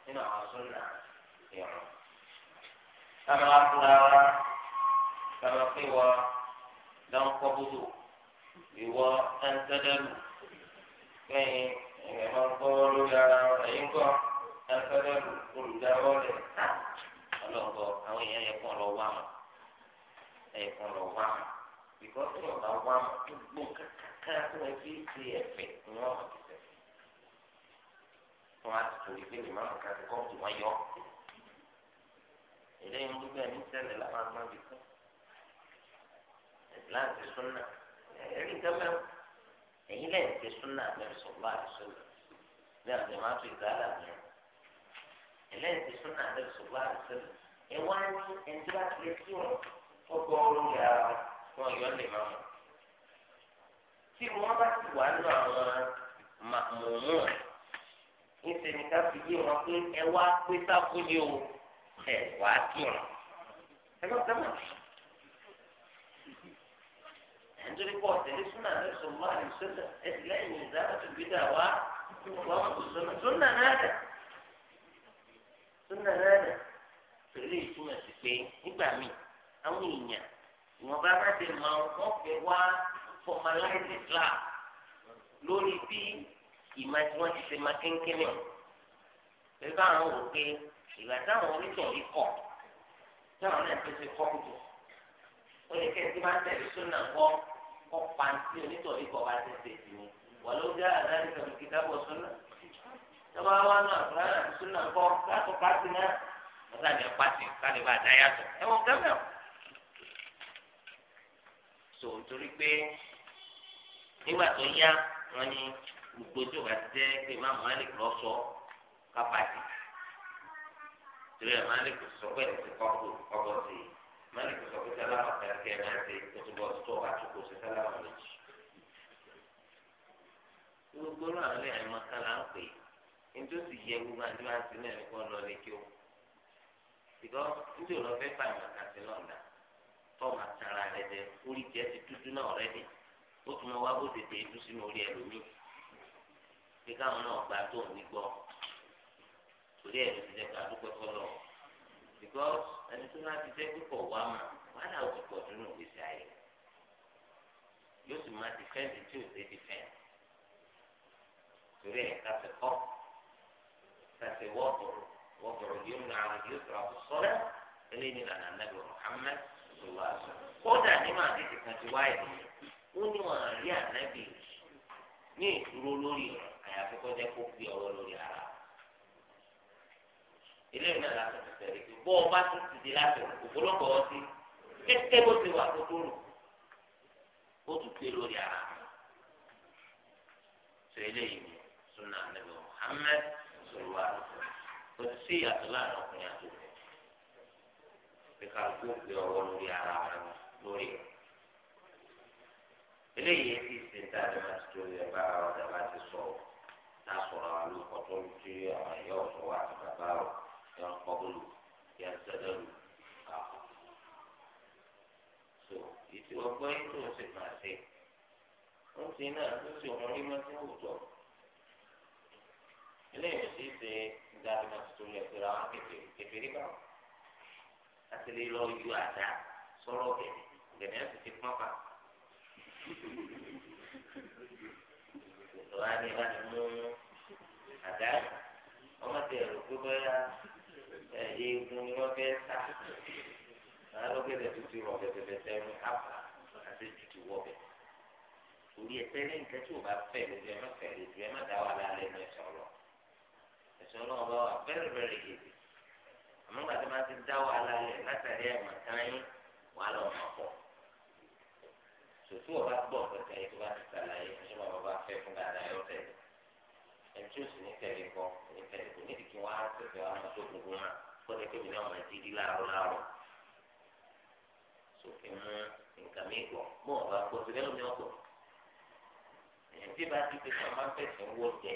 nínú àwọn súnà ìrùn. Táwọn afúnra wa táwọn pé wọ lọ́nkọ́ búdù ìwọ ẹ̀ńtẹ́dẹ́lù kẹ́yìn ẹ̀yẹ̀ máa ń gbọ́ lórí ara ẹ̀yìn kọ́ ẹ̀ńtẹ́dẹ́lù olùdáwọ́ rẹ̀ ọlọ́gbọ́ àwọn èèyàn yẹ kàn lọ wá mọ̀ ẹ̀yẹ kàn lọ wá mọ̀ bìkọ́ tí wọ́n wá mọ̀ tó gbó tó wọ́n fi ṣe ẹ̀fẹ̀ ni wọ́n fún wa ti torí pé nìmọ̀ nǹkan ti kọ́ tó wọ́n yọ. eléyìí ń dúpẹ́ ní ṣẹlẹ̀ láwọn agbábi kú ìsìláà ti súnà ẹ̀rí gẹ́gẹ́ ẹ̀yìn lẹ́yìn ti súnà lẹ́yìn sọ̀rọ̀ àdìsọ́nà ní àdìmọ́ àti ìgbàlá mi ẹ̀lẹ́yìn ti súnà lẹ́yìn sọ̀rọ̀ àdìsọ́nà ẹ̀ wá ní ẹ̀ńtí wá lè kí wọn ọgbọ́n olóyè ara wọn yọ lè máa mọ̀ tí wọ́n bá ti wà nínú àwọn màmúmú rẹ̀ níṣẹ́ ni ká fi yé wọn pé ẹ wá pé sáfù ni o ẹ wá kí wọn. ẹ lọ sẹ́wọ̀n. nítorí pọ̀ tẹ̀lé súnà rẹ̀ sọ̀rọ̀ àìsọ́lẹ̀ ẹ̀sì lẹ́yìn ìdáná tó gbé dà wá wọn kò sọ̀nà súnà náà dà súnà náà dà pẹ̀lú ìtumọ̀ sí pé nígbà míì àwọn èèyàn ìwọ̀nba bá ti mọ wọn fẹ́ wá formalize Islam lórí bíi ìmọ̀ tí wọ́n ti ṣe máa kínkínní o pé báwọn wò pé ìgbà táwọn oníṣòwò kọ̀ táwọn náà tó ṣe kọ́ kùtù ó lè kẹ́sì máa tẹ̀lé sónà kọ́ kọ́ pàǹtí oníṣòwò kọ̀ bá ti ṣe sí ni wà ló dé àdáni tẹ̀lé kìtàbọ̀ sónà tọ́ba wa náà fúnra náà sónà kọ́ látọ̀ pàtì náà wọ́n sábà yẹn pàtì kálí bá dá yàtọ̀ ẹ̀wọ̀n gẹ́gẹ́ so nítorí pé nígbà tó yá wọn ni gbogbo tó bá jẹ́ pé má malik lọ sọ kápákì torí ẹ̀ malik sọ pé ẹ̀ ti kọ́kọ́ ọgbọ́n sí i malik sọ pé sálámà kẹ́kẹ́ ẹ̀ máa ṣe kótóbọ̀ tó bá tó kó ṣe sálámà méjì. gbogbo rẹ̀ àwọn ẹ̀yà máa kálá ń pè é nítòsí yẹ gbogbo àti máa ti náà nípa lọ lé kí ó. ìgbọ́ nítorí wọn fẹ́ fà ìmọ̀ kàtí lọ́ọ̀dà tó máa tara rẹ̀ jẹ orí jẹ́ ti dúdú náà rẹ̀ pé káwọn náà gbà tó ń wígbọ́ torí ẹ̀ ló ti jẹ́ ká dúpẹ́ fọlọ́ because ẹni tó máa ti jẹ́ pípọ̀ wá mà wàhálà ó ti pọ̀ dúró ìgbésí ayé yóò sì máa dìfẹ́ǹdì tí ò dé dìfẹ́ǹdì torí ẹ̀ ká fi kọ́ ká fi wọ́pọ̀rọ̀ wọ́pọ̀rọ̀ yóò nà àrùn yóò tọrọ àbò sọ́lẹ̀ eléyìí nana nàbẹ̀ Muhammad sọlá kódà nínú àdéhùn kan ti wáyé ó ní wọn àrí ànábì ní ìdúró lórí rẹ̀. àyàfi kó jẹ́ kó fi ọwọ́ lórí ara eléyìí náà láti tẹ̀sẹ̀ rí bó o bá ti ti di láti ògbólógbò ọtí kékeré bó ti wà tó tó rò ó tún pé lórí ara sọ eléyìí ni sunna anabi Muhammad sọlọ wa o ti sí ìyàtọ̀ láàrin ọkùnrin àti òkè kíkà kó fi ọwọ́ lórí ara rẹ lórí rẹ eléyìí ti ṣe ń tàbí máa ti tó yẹ bá ọ̀dà bá ti sọ̀rọ̀. sọ̀rọ̀ àwọn olùkọ́ tí àwọn ẹ̀yà ọ̀sọ̀ wà àti bàbá rẹ̀ yọ ń kọ́gbọ́lù yẹ ń sẹ́dọ̀lù kàkọ́. so ìtì ọgbọ́n yìí tó máa ṣe ń ṣe náà tó ṣe òun rí mọ́ òòjọ́. eléyìí sì ṣe ìdánimọ̀ tuntun yẹn pé àwọn kékeré kékeré bá wọn. àti lè lọ yọ àdá sọ̀rọ̀ gẹ̀dẹ̀ gẹ̀dẹ̀ wà ní bá ní mú àdá ọmọ tẹ ẹ̀rọ pé bóyá eegun ni wọ́n fẹ́ ta àwọn tuntun àpà àti tutù torí nǹkan tí o bá lójú ẹ má lójú ẹ má dá wà ọba ti dá wà látàrí wà sòtú ọba gbọ́ pẹ̀tẹ́ yìí tó bá ti sàlàyé ẹ̀ṣọ́ bàbá bá fẹ́ fún dáadáa yọ tẹ̀lé ẹ̀ṣọ́ sì ní tẹ̀lé kọ́ ní tẹ̀lé kò nídìí kí wọ́n á tẹ̀lé wọn àti gbogbo wọn kó ní kébì náà máa di láàárọ̀ láàárọ̀ sòfin mú nǹkan mi gbọ́ mọ́ ọba gbọ́ sí lẹ́nu ní ọ̀pọ̀ ẹ̀yìn tí bá ti pèsè ọmọ pèsè owó oúnjẹ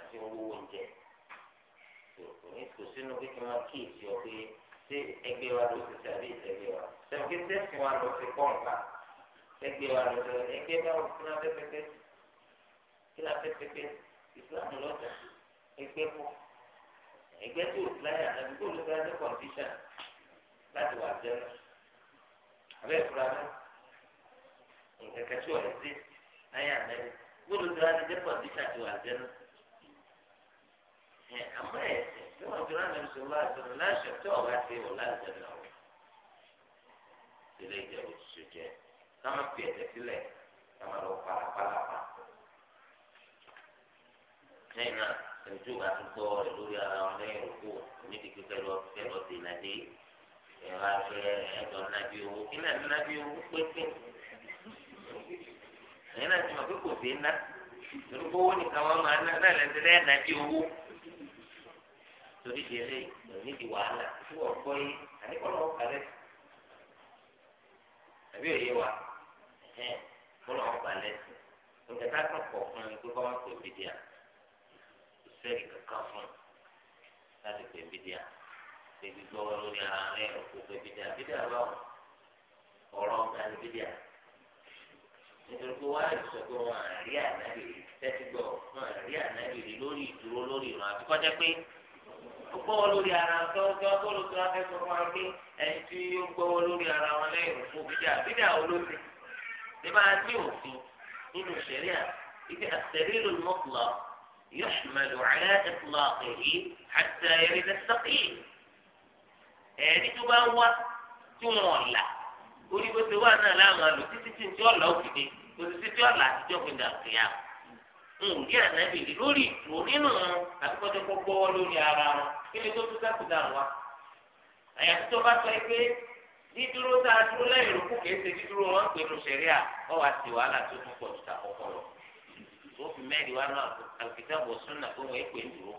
àti owó oúnjẹ kò sínú pé kí wọ́n kíyèsí ọ pé ṣé ẹgbẹ́ wa ló ti tàbí ìtẹ̀gbẹ́ wa ṣé ẹgbẹ́ tẹ̀sí wa ló ti pọ̀ nǹkan ẹgbẹ́ wa lọ sọ ẹgbẹ́ báwo kí náà fẹ́ pẹ́pẹ́ kí náà fẹ́ pẹ́pẹ́ ìsìlámù lọ́jà ẹgbẹ́ pọ̀ ẹgbẹ́ tó láyà àbí kó ló bá ní kọ̀ǹtíṣà láti wà jẹ́ lọ. abẹ́ ìfura náà nǹkan kẹ́kẹ́ tí wọ́n ti láyà àbẹ́rẹ́ kó ló bá ní kọ̀ǹtíṣà ti wà jẹ́ lọ. àmọ́ ẹ̀sìn tí wọ́n fi ránà lóṣù wá sọ̀rọ̀ ọ̀gá ti wọ̀ láṣọ náà wọ̀ sílẹ̀ ìjẹ́ òṣìṣẹ́ káwọn fi ẹ̀jẹ̀ sílẹ̀ káwọn lọ parapara pa. lẹ́yìn náà ẹ̀jú bá tún tọ́ ọ̀rẹ́ lórí ara wọn lẹ́yìn òkú onídìí pípẹ́ lọ fẹ́ lọ dènà dé ẹ̀rọ afẹ́ ẹ̀jọ̀ nàbí owó kí náà nàbí owó pépè. ẹ̀yin náà ti mọ̀ pé kò sí ná torí owó nìkan wọn máa ná náà lẹ́sẹ̀ lẹ́yìn nàbí owó torí di eléyìí onídìí wàhálà tí wọ́n gbọ́ yìí àníkọ́ lọ́wọ́ kárẹ́ àbí òye wa ẹ̀hẹ́n bọ́lá wọn gbà lẹ́sìn nǹkan tá a kàn pọ̀ fún un pé kọ́ máa pè bídíà ìfẹ́rì kankan fún un láti pè bídíà lèbi gbọ́wọ́ lórí ara rẹ̀ kó pè bídíà bídíà báwọn ọ̀rọ̀ ọ̀gá ni bídíà nítorí pé wàá sọ pé wọn àrí ànábìrì tẹ́tí gbọ́ wọn àrí ànábìrì lórí ìdúró lórí ìran àbíkọ́jẹ́ pé gbọ́wọ́ lórí ara tọ́jọ́ bọ́ọ̀lù tó wá fẹ́ sọ fún wa pé ẹni tí ó gbọ́wọ́ lórí ara wọn lẹ́yìn òkú bídíà bídíà olóṣèlú. لما أتمنى إنه الشريعة إذا السرير المطلق يحمل على إطلاقه حتى يرد الثقيل ẹ̀rí tó bá ń wá tí wọn ọ̀la orí bó ti wá náà láwọn àlò títí tí tí ọ̀la ó fìdí kò sí títí ọ̀la àtijọ́ gbẹ̀dà kìíyà ń rí ànábì lórí ìtò nínú wọn àti kọjá gbọ́gbọ́ lórí ara wọn kí ni tó tún sákòdà wa àyàfi tó bá sọ pé dídúró tá a dúró lẹ́yìn òkú kìí ṣe dídúró wọn pè ní sẹ̀ríà ọ wá sí wàhálà tó tún pọ̀ tó àkọ́kọ́ lọ. tó fi mẹ́rin wá náà àlùkìtà bọ̀ sún náà tó wọ́n èpè dúró.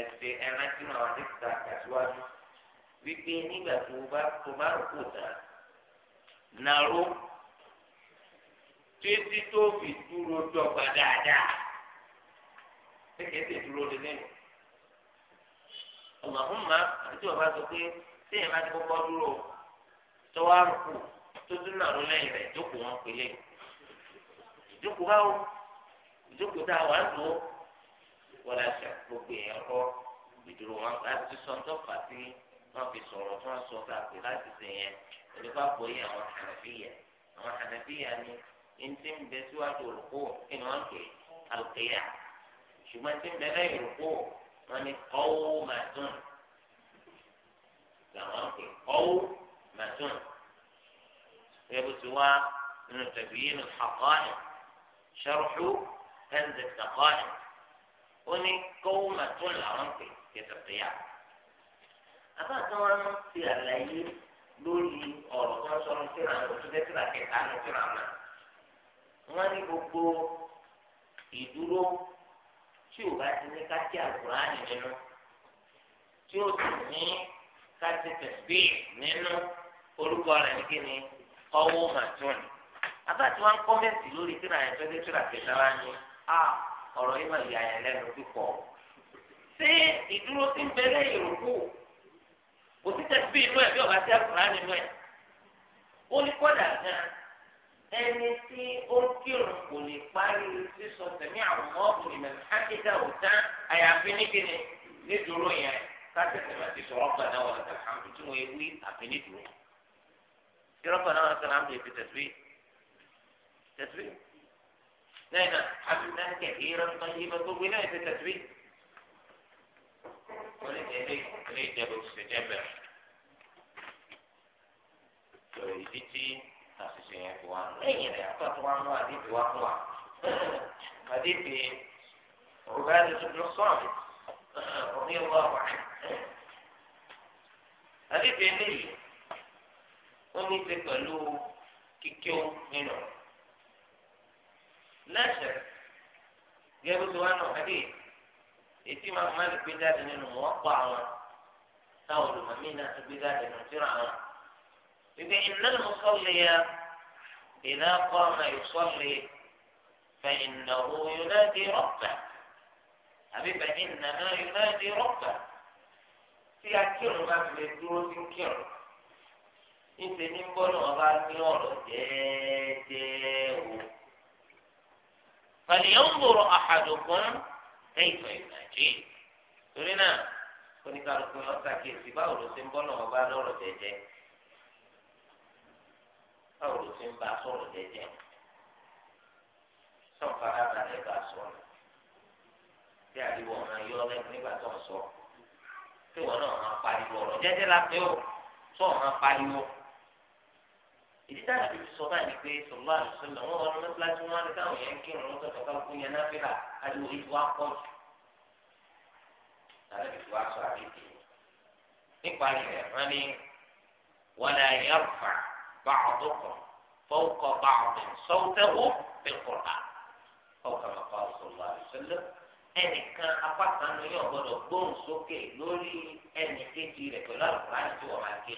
ẹ̀sìn ẹran tí màá ti ta àtiwájú wípé nígbà tó bá tó bá rò kó tà nàró títí tó fi dúró dọ́gba dáadáa. ṣé kìí ṣe dúró lé lẹ́yìn? Allahumma àti bàbá sọ pé tí èèyàn bá ti kọ́kọ́ dúró tó wá rùkù tó dúró náà ló lẹ́yìn rẹ̀ ìjókòó wọn pè lé ìjókòó báwo ìjókòó tá a wà ń lò wọ́n lè ṣe gbogbo èèyàn kọ́ ìdúró wọn láti sọ tó fà sí wọn fi sọ̀rọ̀ tí wọ́n sọ fà pé láti sè yẹn onípa gbòye àwọn Hanafiya àwọn Hanafiya ni ntí ń bẹ síwájú rùkù kí ni wọ́n pè alùpùpù ṣùgbọ́n ntí ń bẹ lẹ́yìn rùkù wọn ni kọ́wó màtún làwọn ń pè kọ́wó màtún ẹbí tí wá nínú tẹ̀bí yìí nù xaqáyà ṣarxu ẹnzẹ̀ xaqáyà wọn ni kọ́wó màtún làwọn ń pè kẹsàkìyà àbá kan wọn ń àlàyé lórí ọ̀rọ̀ kan sọ̀rọ̀ síra oṣù tẹ́tìrà kẹta ní síra náà wọn ní gbogbo ìdúró tí o bá ti ní ká tí àlùkùránì nínú tí o sì ní ká ti tẹ̀sí nínú orúkọ rẹ̀ ní kíni ọwọ́ màtún. abáàtí wọn kọ́mẹ́ǹtì lórí tíra ẹ̀ fẹ́ẹ́ tíra kẹta wá ní a ọ̀rọ̀ yìí mà yà ẹ̀ lẹ́nu púpọ̀. ṣé ìdúró ti ń bẹ̀rẹ̀ ìrùkù kò sí tẹ̀sí inú ẹ̀ bí ọ̀bá tí àlùkùránì nínú ẹ̀ ó ní kọ́dà gan-an. ẹni tí ó kírun kò lè parí sísọ tẹ̀mí àwọn ọkùnrin mẹ́rin hákìdá òtá àyàfi nígbìnì nídúró yẹn kásẹ̀tẹ̀ máa ti sọ̀rọ̀ gbà náà wọlé tàbí tí wọ́n ewé àfi nídúró. ìrọ́pọ̀ náà wọ́n sọ̀rọ̀ àmì ètò tẹ̀síwì tẹ̀síwì ní àbí náà kẹ̀kẹ́ ìrọ́pọ̀ náà yí bá gbogbo náà ètò tẹ̀síwì. wọ́n lè jẹ́ ilé ìjẹ́bù ti ṣe jẹ́ bẹ̀rẹ̀ àṣìṣe yẹn kò wá ń lọ. lẹ́yìn rẹ̀ àtọ́ tó wá ń lọ àdébì wá fún wa. àdébì ọ̀gáàdì tuntun sọ́ọ̀mù ọ̀bí ọ̀gá wà. àdébì eléyìí ó ní í ṣe pẹ̀lú kíkéwó nínú. lẹ́sẹ̀ gẹ́gẹ́ bó ti wá náà àdébì ètí máa máa lè gbé jáde nínú wọ́n pa àwọn táwọn olùmọ̀mí náà ti gbé jáde nínú síra wọn. إذا إن المصلي إذا قام يصلي فإنه ينادي ربه أبي فإنما ينادي ربه في أكير ما في الدروس ينكر إنت نقول أغاني أورو فلينظر أحدكم كيف يناجيه تقولنا كوني قالوا كوني أتاكي سيباو لسيمبولو أغاني báwo ló ti ń bá a sọ̀rọ̀ jẹ́jẹ́ sọ̀ fara balẹ̀ bá a sọ̀rọ̀ tí àdìwọ̀ máa yọ lẹ́nu nígbà tó ń sọ tí wọn náà máa pariwo ọ̀rọ̀ jẹ́jẹ́ la pé o tó o máa pariwo. ìdí táwọn ti sọ báyìí pé sọlá àlùsọlá wọn wọn ní kíláàsì wọn ní káwọn yẹn ń kírun lọ́tọ̀ tó káwọn kún yẹn náà àdìwọ̀ yìí wá pọ̀ jù. tàbí ti wá sọ àdìgbò nípa rẹ̀ wọ́n ní wọ́n بعضكم فوق بعض صوته في القرآن أو كما قال صلى الله عليه وسلم ẹnìkan apákanu yóò gbọ́dọ̀ gbóhùn sókè lórí ẹnì kejì rẹ̀ pẹ̀lú àlùkùránì tí wọn máa ké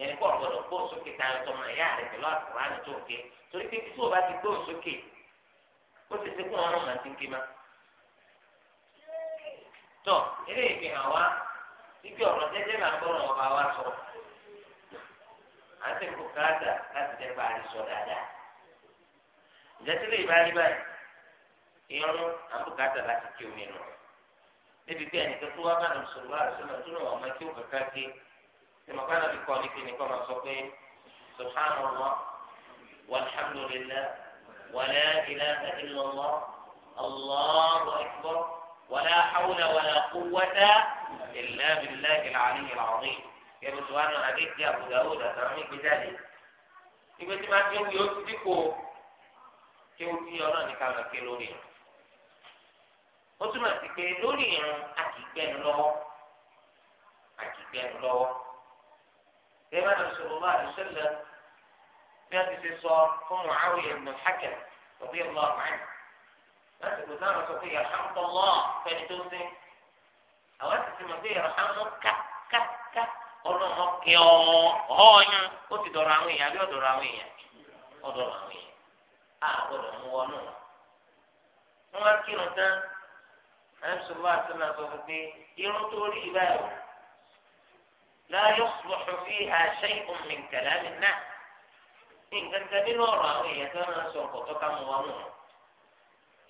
yẹnì kó gbọ́dọ̀ gbóhùn sókè tayọ tọmọ ẹyà rẹ̀ pẹ̀lú àlùkùránì tó ké torí pé tí o bá ti gbóhùn sókè ó ti ṣe kó wọn máa ti ń ké má. tọ eré ìfihàn wa ibi ọ̀rọ̀ jẹ́jẹ́ là ń gbọ́ràn ọba wa sọ. à ń tẹ̀kọ̀ káàdà láti jẹ́ bá a rí sọ dáadáa. ìjẹ́sílẹ̀ ìbáyìí báyìí ìrún à ń bùkátà láti kí omi nù. níbi bí ẹnì kẹ́kọ̀ọ́ wá bá nà sọ̀rọ̀ àṣọ̀nà tó náà ọmọ tí ó kàkà sí ni mo bá nà fi kọ́ ní kíni kọ́ máa sọ pé subhanallah walhamdulillah wala ilaha illallah allahu akbar wala hawla wala quwwata illa billahi al-ali al-azim. kẹbi tó wà nù àdéhìí àbùdá ó dàtà mí gbé jáde ìgbé tí máa ń kéwì ó ti dípò kéwì tí ọ náà ní ká lọ ké lórí rẹ ó túmọ̀ sí pé lórí irun a kì í gbẹnu lọ́wọ́ a kì í gbẹnu lọ́wọ́ bẹ́ẹ̀ bá lọ́sọ̀rọ̀ wá àdúṣẹ́lẹ̀ bí wọ́n ti ṣe sọ fún Mu'awiya ibn Hakam òbí ẹ̀ lọ́wọ́ àmì láti kò sáà sọ pé yàrá ń tọ́ lọ́ọ̀ fẹ́ni tó ń sìn àwọn ti ti mọ̀ pé yàrá ń mú ká ká ọlọ́mọ kí ọ ọ̀ọ́yún ó ti dọ̀rọ̀ àwọn èèyàn àbí ọ̀dọ̀rọ̀ àwọn èèyàn ọ̀dọ̀rọ̀ àwọn èèyàn á gbọ́dọ̀ mú wọnú wọn wá kírun tán àìsùnwó àtúnà sọ fún pé irun tó rí báyìí o láyọ̀ lọ́sọ̀ fi àṣẹ ìkùnmí kàlámì náà nǹkan kan nínú ọ̀rọ̀ àwọn èèyàn tó ń sọ ọ̀kọ̀tọ́ ká mú wọnú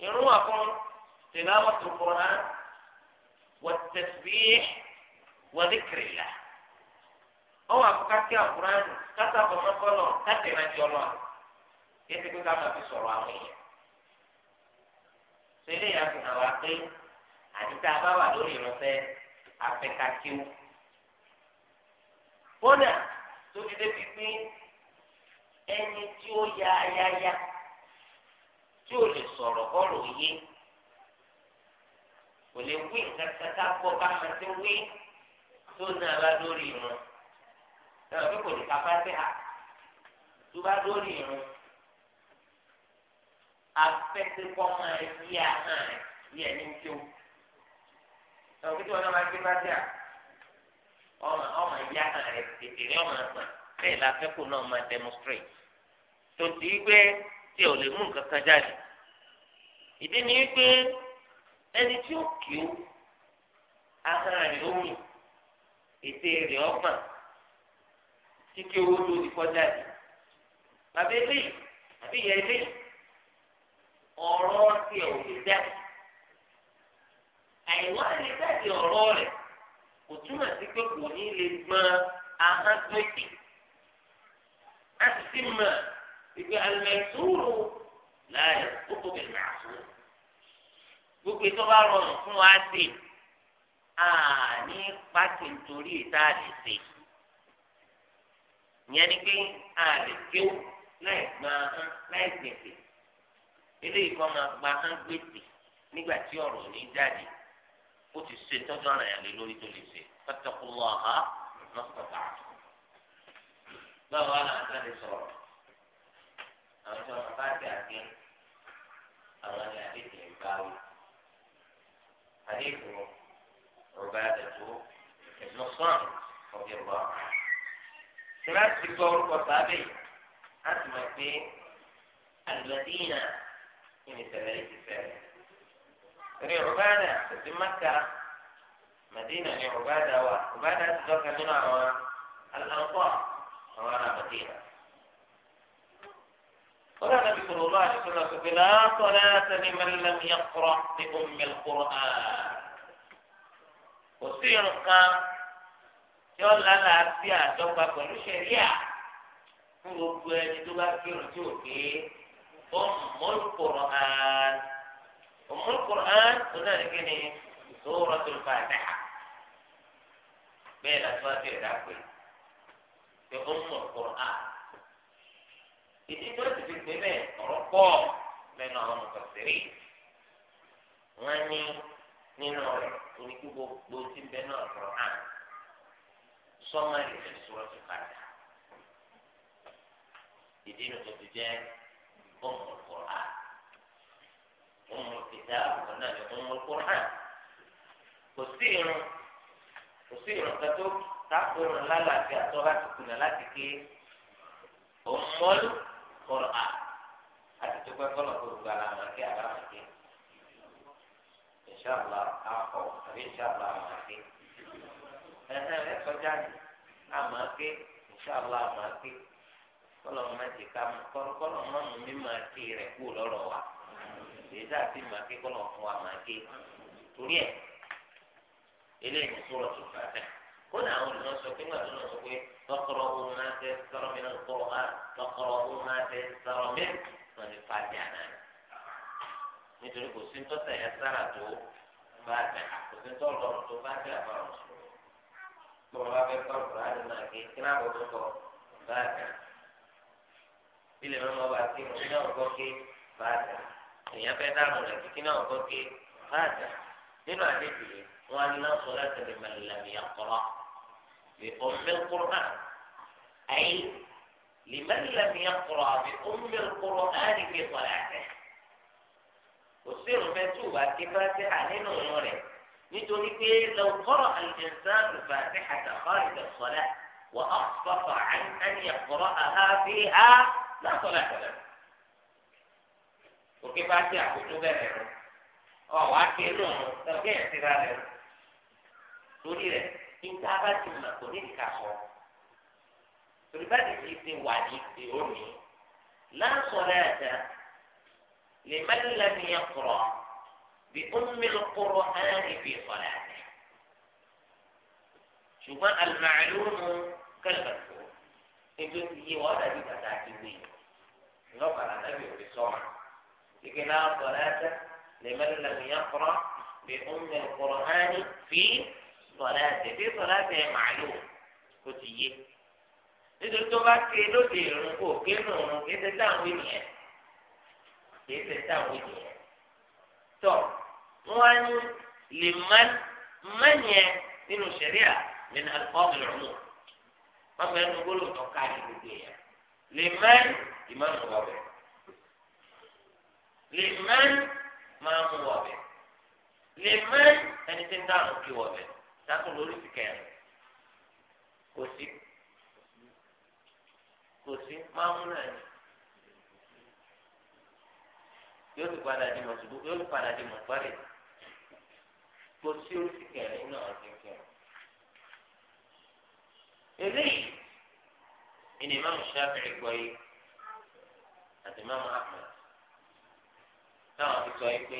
irun wà fún tìlàwọ̀ tó kọ̀ wọ́n tẹ̀síbí wọ́n ọwọ akọkàtì àkùránù kátà kọmọkọlọ kátà ìrántí ọlọ yẹtí pé ká máa fi sọ̀rọ̀ àwọn èèyàn ṣe eléyà fi hàn wá pé àdìtà bá wà lórí ìrọsẹ afẹkàkíw kódà débi pé ẹni tí ó ya ayáyá tí ò lè kò lè wí nǹkan kan ká ká máa ti wí tó bá lórí ìrọsẹ. ẹ̀rọ pé kò ní ká fásitì hà tó bá dórí irun afẹ́sẹ̀kọ́ máa yí àná yẹ ní tí o ẹ̀rọ pé tí wọn náà máa gbé fásitì hà ọmọ yí àná rẹ tètè ní ọmọ àgbà bẹ́ẹ̀ la fẹ́ náà máa demonstrate tó ti gbé tí ò lè mú nǹkan kan jáde ìdí ni wípé ẹni tí ó kí o ahọ́n rẹ̀ ó mì ètè rẹ̀ ọgbọ̀n kíkí owó tó ti kọjá yìí bàbá eléyìí àbí ìyá eléyìí ọ̀rọ̀ tí ẹ̀ ò lè jáde àìwá lè jáde ọ̀rọ̀ rẹ̀ kò túmọ̀ sí pé kò ní lè gbọ́n ahọ́n tó kì á mọ̀ ìgbé alẹ́sùrù láàyè tó bẹ̀rẹ̀ àfún gbogbo ètò bá rọrùn fún wa ṣe àní pàtó nítorí ìta àdìsí ìyẹn ni pé a lè kéwò láì gbọ́n ahọ́n láì gbèsè eléyìí kọ́ máa gba ahọ́n gbèsè nígbà tí ọ̀rọ̀ ní jáde ó ti ṣe tọ́jú ara yẹn lé lórí tó lè ṣe pátákùlọ̀ ọ̀há lọ́sọ̀tà. báwo la ń sáré sọ̀rọ̀ àwọn tí wọ́n bá ti àgé àwọn ni àdéhùn ń bá wí. àdéhùn ẹ̀sùn sọ́ọ̀nù ọ̀gá ìwà ọ̀hún. سمعت في قول وصابي أسمع في المدينة من سمرية الثانية سري عبادة في مكة مدينة لعبادة وعبادة تدرك منها الأنصار وأنا مدينة قال النبي صلى الله عليه وسلم لا صلاة لمن لم يقرأ بأم القرآن وسير tí ó lálẹ́ àti àjọpọ̀ pẹ̀lú sẹ̀ríà fún gbogbo ẹni tó bá kírun tí ò gbé ọmọlùkọ̀rọ̀ án ọmọlùkọ̀rọ̀ án tó náà ní kíni sóòrọ̀ tó fà dà bẹ́ẹ̀ la tó bá ti ẹ̀dá pé pé ọmọlùkọ̀rọ̀ án ìdí tó ti fi gbé bẹ́ẹ̀ ọ̀rọ̀ pọ̀ lẹ́nu àwọn mọ̀tọ́sẹ̀rì wọ́n ní nínú rẹ̀ oníkú gbogbo tí bẹ náà kọ̀rọ̀ án sọ́mọ́rì rẹ̀ sọ̀rọ̀ ti padà ìdí nu tó ti jẹ́ ọmọ kọ̀ọ̀án ọmọ kìtà ọ̀kan náà ni ọmọ kọ̀ọ̀án kò sí irun kò sí irun kan tó kákòrò lálàáfíà tó láti kùnà láti ké ọmọ kọ̀ọ̀án àti tó pẹ́ kọ́lọ̀ kó gba ara màkì ara màkì inṣàlá akọ àbí inṣàlá màkì ẹ̀hẹ́n ẹ̀ sọ́jà ni àmọ́ ké ìṣàlọ́ àmọ́ ké kọ́lọ̀ máa ti ká kọ́lọ̀ máa mú mi máa ké rẹ̀ kú lọ́rọ̀ wa èdè àti máa ké kọ́lọ̀ fún wa máa ké torí ẹ̀ eléyìí sọ̀rọ̀ tó fà bẹ́ẹ̀ kódà àwọn olùmọ̀ sọ pé ńgbà tó lọ sọ pé tọkọrọ ohun máa tẹ sọ̀rọ̀ mi náà kọ́ ha tọkọrọ ohun máa tẹ sọ̀rọ̀ mi wọn ni fàdí àná nítorí kò sí ń tọ́ta ẹ̀ sára tó bá a kò sí ń tọ́ tó bá a bẹ̀ àbá tó o bá fẹ́ kọ́ ọ̀rọ̀ àti máa ké kí náà bọ̀ tó báàgà ilé mi máa bá ké mo kí náà gbọ́ ké báàgà èèyàn fẹ́ dáhùn rẹ̀ kí náà gbọ́ ké báàgà nínú àdébì wọn á ní náà sọ láti rìn mẹ́lẹ́mì àkọ́rọ́ bí ọ̀mẹ́ kúrán ayé lèmẹ́ lẹ́mì àkọ́rọ́ àbí ọ̀mẹ́ kúrán ayé kí n sọ̀rọ̀ àtẹ òsèrè mẹ́tù wá ké bá ti hà nínú rẹ̀. نتوني في لو قرأ الإنسان فاتحة خارج الصلاة وأخفق عن أن يقرأها فيها لا صلاة له وكيف أتيع كتب غيره أو أكيد له تركيع سلاله تقولي له إن تابت ما تقولي لك أخو فلبادي جيسي وعدي في أمي لا صلاة لمن لم يقرأ بأم القرآن في صلاته شوف المعلوم كالمذكور إذن هي ولا في تتعجبين نقل النبي بسرعة لكن لا صلاة لمن لم يقرأ بأم القرآن في صلاته في صلاته معلوم كتية إذا tó bá ké lóde نقول كيف ké كيف òun kì wọ́n ní lè man man yẹn nínú sẹ̀ríà nínú alùpàgọ́ lọ́mọ́ wọ́n fẹ́ẹ́ nu gbólóhùn tó káàdì gbogbo yẹn lè man ìmáàmù wọ̀ bẹ̀ lè man máàmù wọ̀ bẹ̀ lè man ẹni tí ń dáhùn kí wọ̀ bẹ̀ dákun lórí ti kẹrin kò sí kò sí máàmù náà ni yóò ti padà di mọ̀tòdó yóò ti padà di mọ̀tòdó kò sí oṣù kẹrin nínú àwọn kékeré eléyìí ìní máa ń ṣáfì gbọ́ yìí àti máa ń hàpẹ́ táwọn ti sọ yìí pé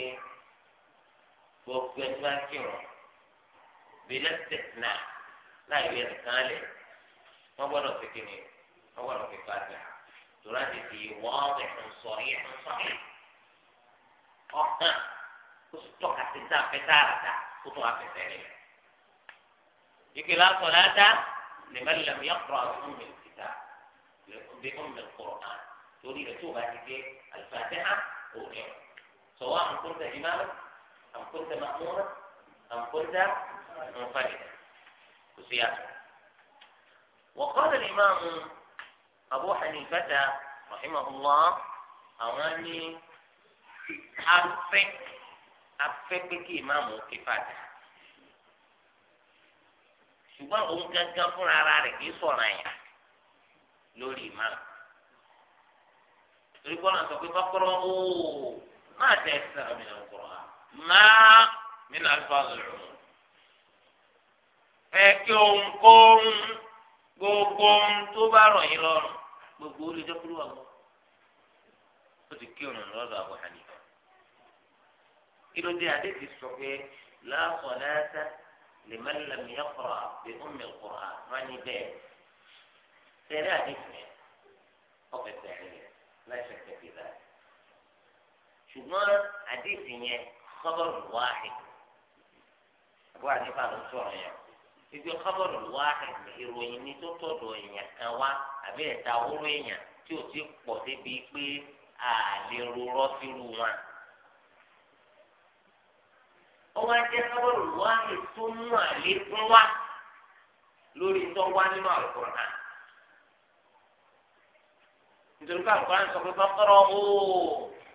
gbogbo ẹni bá kírun bí lẹ́sẹ̀ náà láì rí ẹnìkan lẹ̀ wọ́n gbọ́dọ̀ fi kíni wọ́n gbọ́dọ̀ fi fàjà tòun láti fi wọ́n rẹ̀ ń sọ yìí ń sọ yìí ọ̀kan ó sì tọ́ka sí sáfẹ́ tààràtà. kó tún wá fẹsẹ̀ rẹ̀. ike la salata liman lam yaqra' bi ummil kitab bi ummil qur'an torí rẹ̀ tó o bá ti gé al-Fatiha kò rẹ̀ sawa'an kunta imaman am kunta ma'muman am kunta munfaridan kò sí yàtọ̀. وقال الإمام أبو حنيفة رحمه الله أواني حرفك afẹ́ pé kí ìmáàmù kí fàtà ṣùgbọ́n òun gángan fúnra ara rẹ̀ kì í sọ̀rọ̀ àyà lórí ìmáàmù torí bọ́lá sọ pé bákọ́rọ́ ooo máa tẹ̀ ẹ́ sára mi náà kọ́ra máa mi náà fà lọ́rùn ẹ kí ohun kó ohun gbogbo ohun tó bá rọ̀ yín lọ́rùn gbogbo olùdókòwò àwọn ó ti kí òun lọ́dọ̀ Abu Hanifa kí ló dé adé ti sọ pé láàpọ̀ láàtà liman lam yaqra bi ummi al-Qur'an wọn ni bẹ́ẹ̀ tẹ́lẹ̀ adé fún ẹ ọ̀fẹ́ tẹ̀lé láìsẹ̀ tẹ̀lé dáa ṣùgbọ́n adé fi yẹn khabar wahid àbúrò àdébà ló sọ̀rọ̀ yẹn ibi khabar wahid ìròyìn ní tó tọ̀dọ̀ èèyàn kan wá àbí ẹ̀ta wúrò èèyàn tí ò ti pọ̀ débi pé àlè rorọ́ sírú wọn ọwọ́ ajẹ́ sábọ̀rù wá lè tó mú àlékún wá lórí tó wá nínú àlùkùrọ̀ náà. nítorí pé àlùkùrọ̀ náà sọ pé bákọ́rọ̀ ó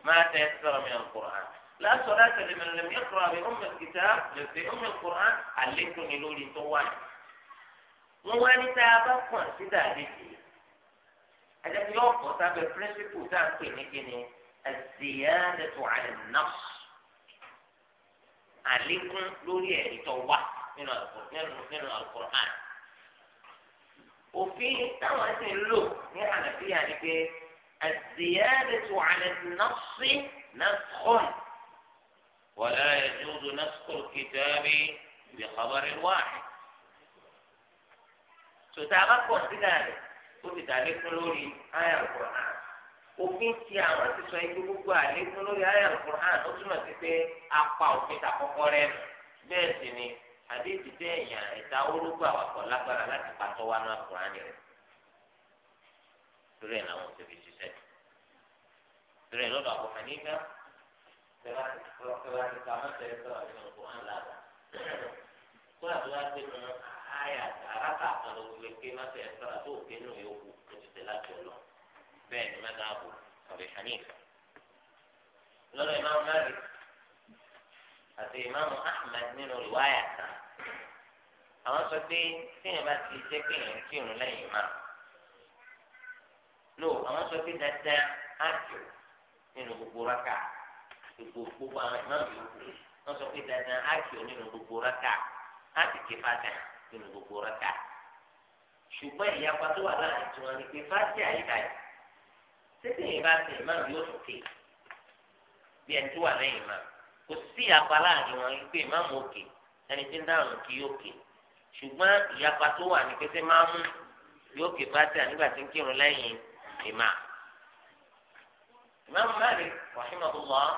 máa tẹ̀ sọ̀rọ̀ mi àlùkùrọ̀ náà. lásán láti lè mẹ́rin lẹ́mí ẹ̀kọ́ àbí ọmọ ìkìtà lè fi ọmọ ìkùrọ̀ náà àlékún ni lórí tó wá. wọ́n wá ní tá a bá pọ̀ sí dàdé yìí. ajẹ́ pé ọ̀pọ̀ sábẹ́ píríncípù tá à ń pè ní kíni àzìyá àlékún lórí ẹ̀rí tó wà nínú alukur'an òfin táwọn ti ń lò ní àlàfíà ni pé الزيادة àlẹ́ على النص نسخ ولا يجوز نسخ الكتاب بخبر واحد sòtà bá pọ̀ sí náà rẹ̀ ó fi tàbí fún lórí ayé àkùrán òfin ti àwọn ti sọ ibi gbogbo àlékún lórí ayé alukur'an ó túmọ̀ sí pé apá òfin tàkọ́kọ́ rẹ̀ nù bẹ́ẹ̀ sì ni àdéhùn tẹ èèyàn ẹ̀ta orúkọ àwàkọ̀ lágbára láti pàtó wa ní alukur'an rẹ̀ lórí ẹ̀ làwọn òṣèlú ṣiṣẹ́ lórí ẹ̀ lọ́dọ̀ àbúkà nígbà tẹ̀lá tẹ̀lá tẹ̀lá mọ́tẹ́ sọ̀rọ̀ nínú alukur'an lára kó àdúrà gbé mu ayé àtàràkà àtàlọ́wọ́ bẹ́ẹ̀ ni mẹ́tàbù àbí hanifa lọ́dọ̀ ìmáàmù malik àti ìmáàmù ahmed nínú ìwáyà kan àwọn sọ pé kéèyàn bá ti jẹ́ kéèyàn kírun lẹ́yìn ìmáà lò àwọn sọ pé dandan ájò nínú gbogbo rákà gbogbo gbogbo àwọn ìmáàmù yòókù wọ́n sọ pé dandan ájò nínú gbogbo rákà ájò kí fàtà nínú gbogbo rákà ṣùgbọ́n ìyapa tó wà láàrin tiwọn ni pé fàtì àyíká yìí tètè yìí bá ti ìmáà yóò sókè bí ẹni tó wà lẹ́yìn ìmáà kò sí ìyapa láàrin wọn pé ìmáà mú òkè ẹni tí ń dáhùn kí yóò kè ṣùgbọ́n ìyapa tó wà ní pété máa mú yóò kè bá tẹ̀ nígbà tí ń kírun lẹ́yìn ìmáà. ìmáàmù Malik rahimahullah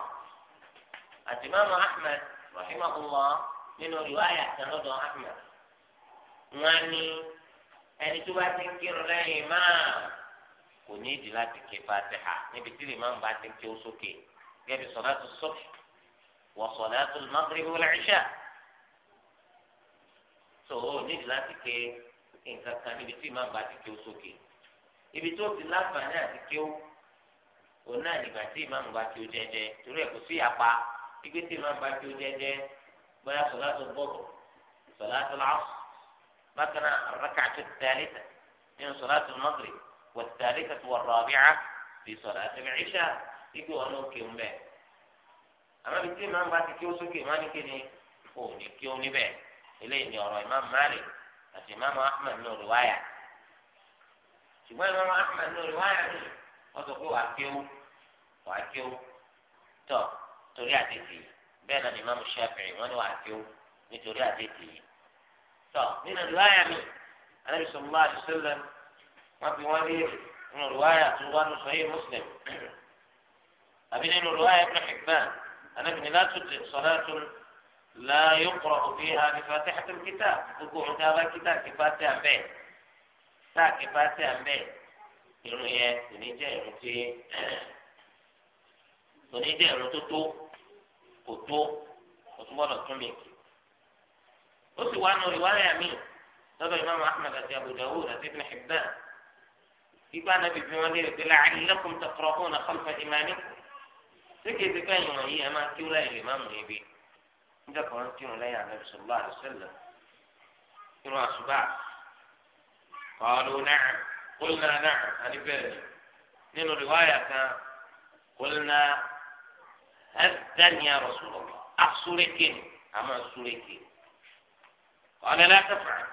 àti ìmáàmù Ahmad rahimahullah nínú riwaya kan lọ́dọ̀ Ahmad wọn ni ẹni tó bá ti ń kírun lẹ́yìn ìmáà kò ní ìdí láti ké fatiha níbi tí ìmáàmù bá ti ké o sókè gẹ́gẹ́ bí sọ̀láàtù subh wa sọ̀láàtù maghrib wal isha tó o ní ìdí láti ké nǹkan kan níbi tí ìmáàmù bá ti ké sókè ibi tó ti láǹfààní àti ké o òun náà nígbà tí ìmáàmù bá ké o jẹ́jẹ́ torí ẹ̀ kò sí apá igbe tí ìmáàmù bá ké o jẹ́jẹ́ bóyá sọ̀láàtù bọ̀rọ̀ sọ̀láàtù làásù bákan náà rákàtú tẹ́lẹ̀ nínú sọ̀láàtù maghrib والثالثة والرابعة في صلاة العشاء يقول أنه كيوم به أما بنتي ما بعد كيو سكي ما نكني فوني كيو نبه إليه يرى إمام مالك الإمام أحمد له رواية ṣùgbọ́n ìmọ̀ ahmed ní olùwáyà ni wọ́n sọ pé wàá kéwú wàá kéwú tọ̀ torí àdéhì bẹ́ẹ̀ náà ni ìmọ̀ ṣẹ́fìrì wọ́n ní wàá kéwú nítorí àdéhì tọ̀ nínú olùwáyà mi alẹ́ sọ̀rọ̀ àdìsọ́lẹ̀ wọ́n fi wọ́n léèrè nínú rúwáyà tó wá nù sọ́yìn muslim àbí nínú rúwáyà ibn hibban anábìnrin láti sọ̀rọ̀ tó la yókùrọ̀ òfin ha ní fatihatu kitab gbogbo òun tá a bá kíta kí fati àbẹ́ tá a kí fati àbẹ́ irun yẹn kò ní jẹ́ irun tí kò ní jẹ́ irun tó tó kò tó kò tó gbọ́dọ̀ tún mi ó sì wá nù rúwáyà mi lọ́dọ̀ imam ahmed àti abu dawud àti ibn hibban. ibana bi fi wọn léèrè pé la'allakum taqra'una khalfa imamikum sékè ti ká ìwọ̀n yìí ẹ máa kí wọ́n láyìn lè má mú ibi nígbà kan tí wọn lẹ́yìn àná sallallahu alaihi wasallam irun àṣùbà qalu na'am qulna na'am àníbẹ̀rẹ̀ nínú rìwáyà kan qulna adhan ya rasulullah àṣúrékè àmọ́ àṣúrékè qala la taf'al.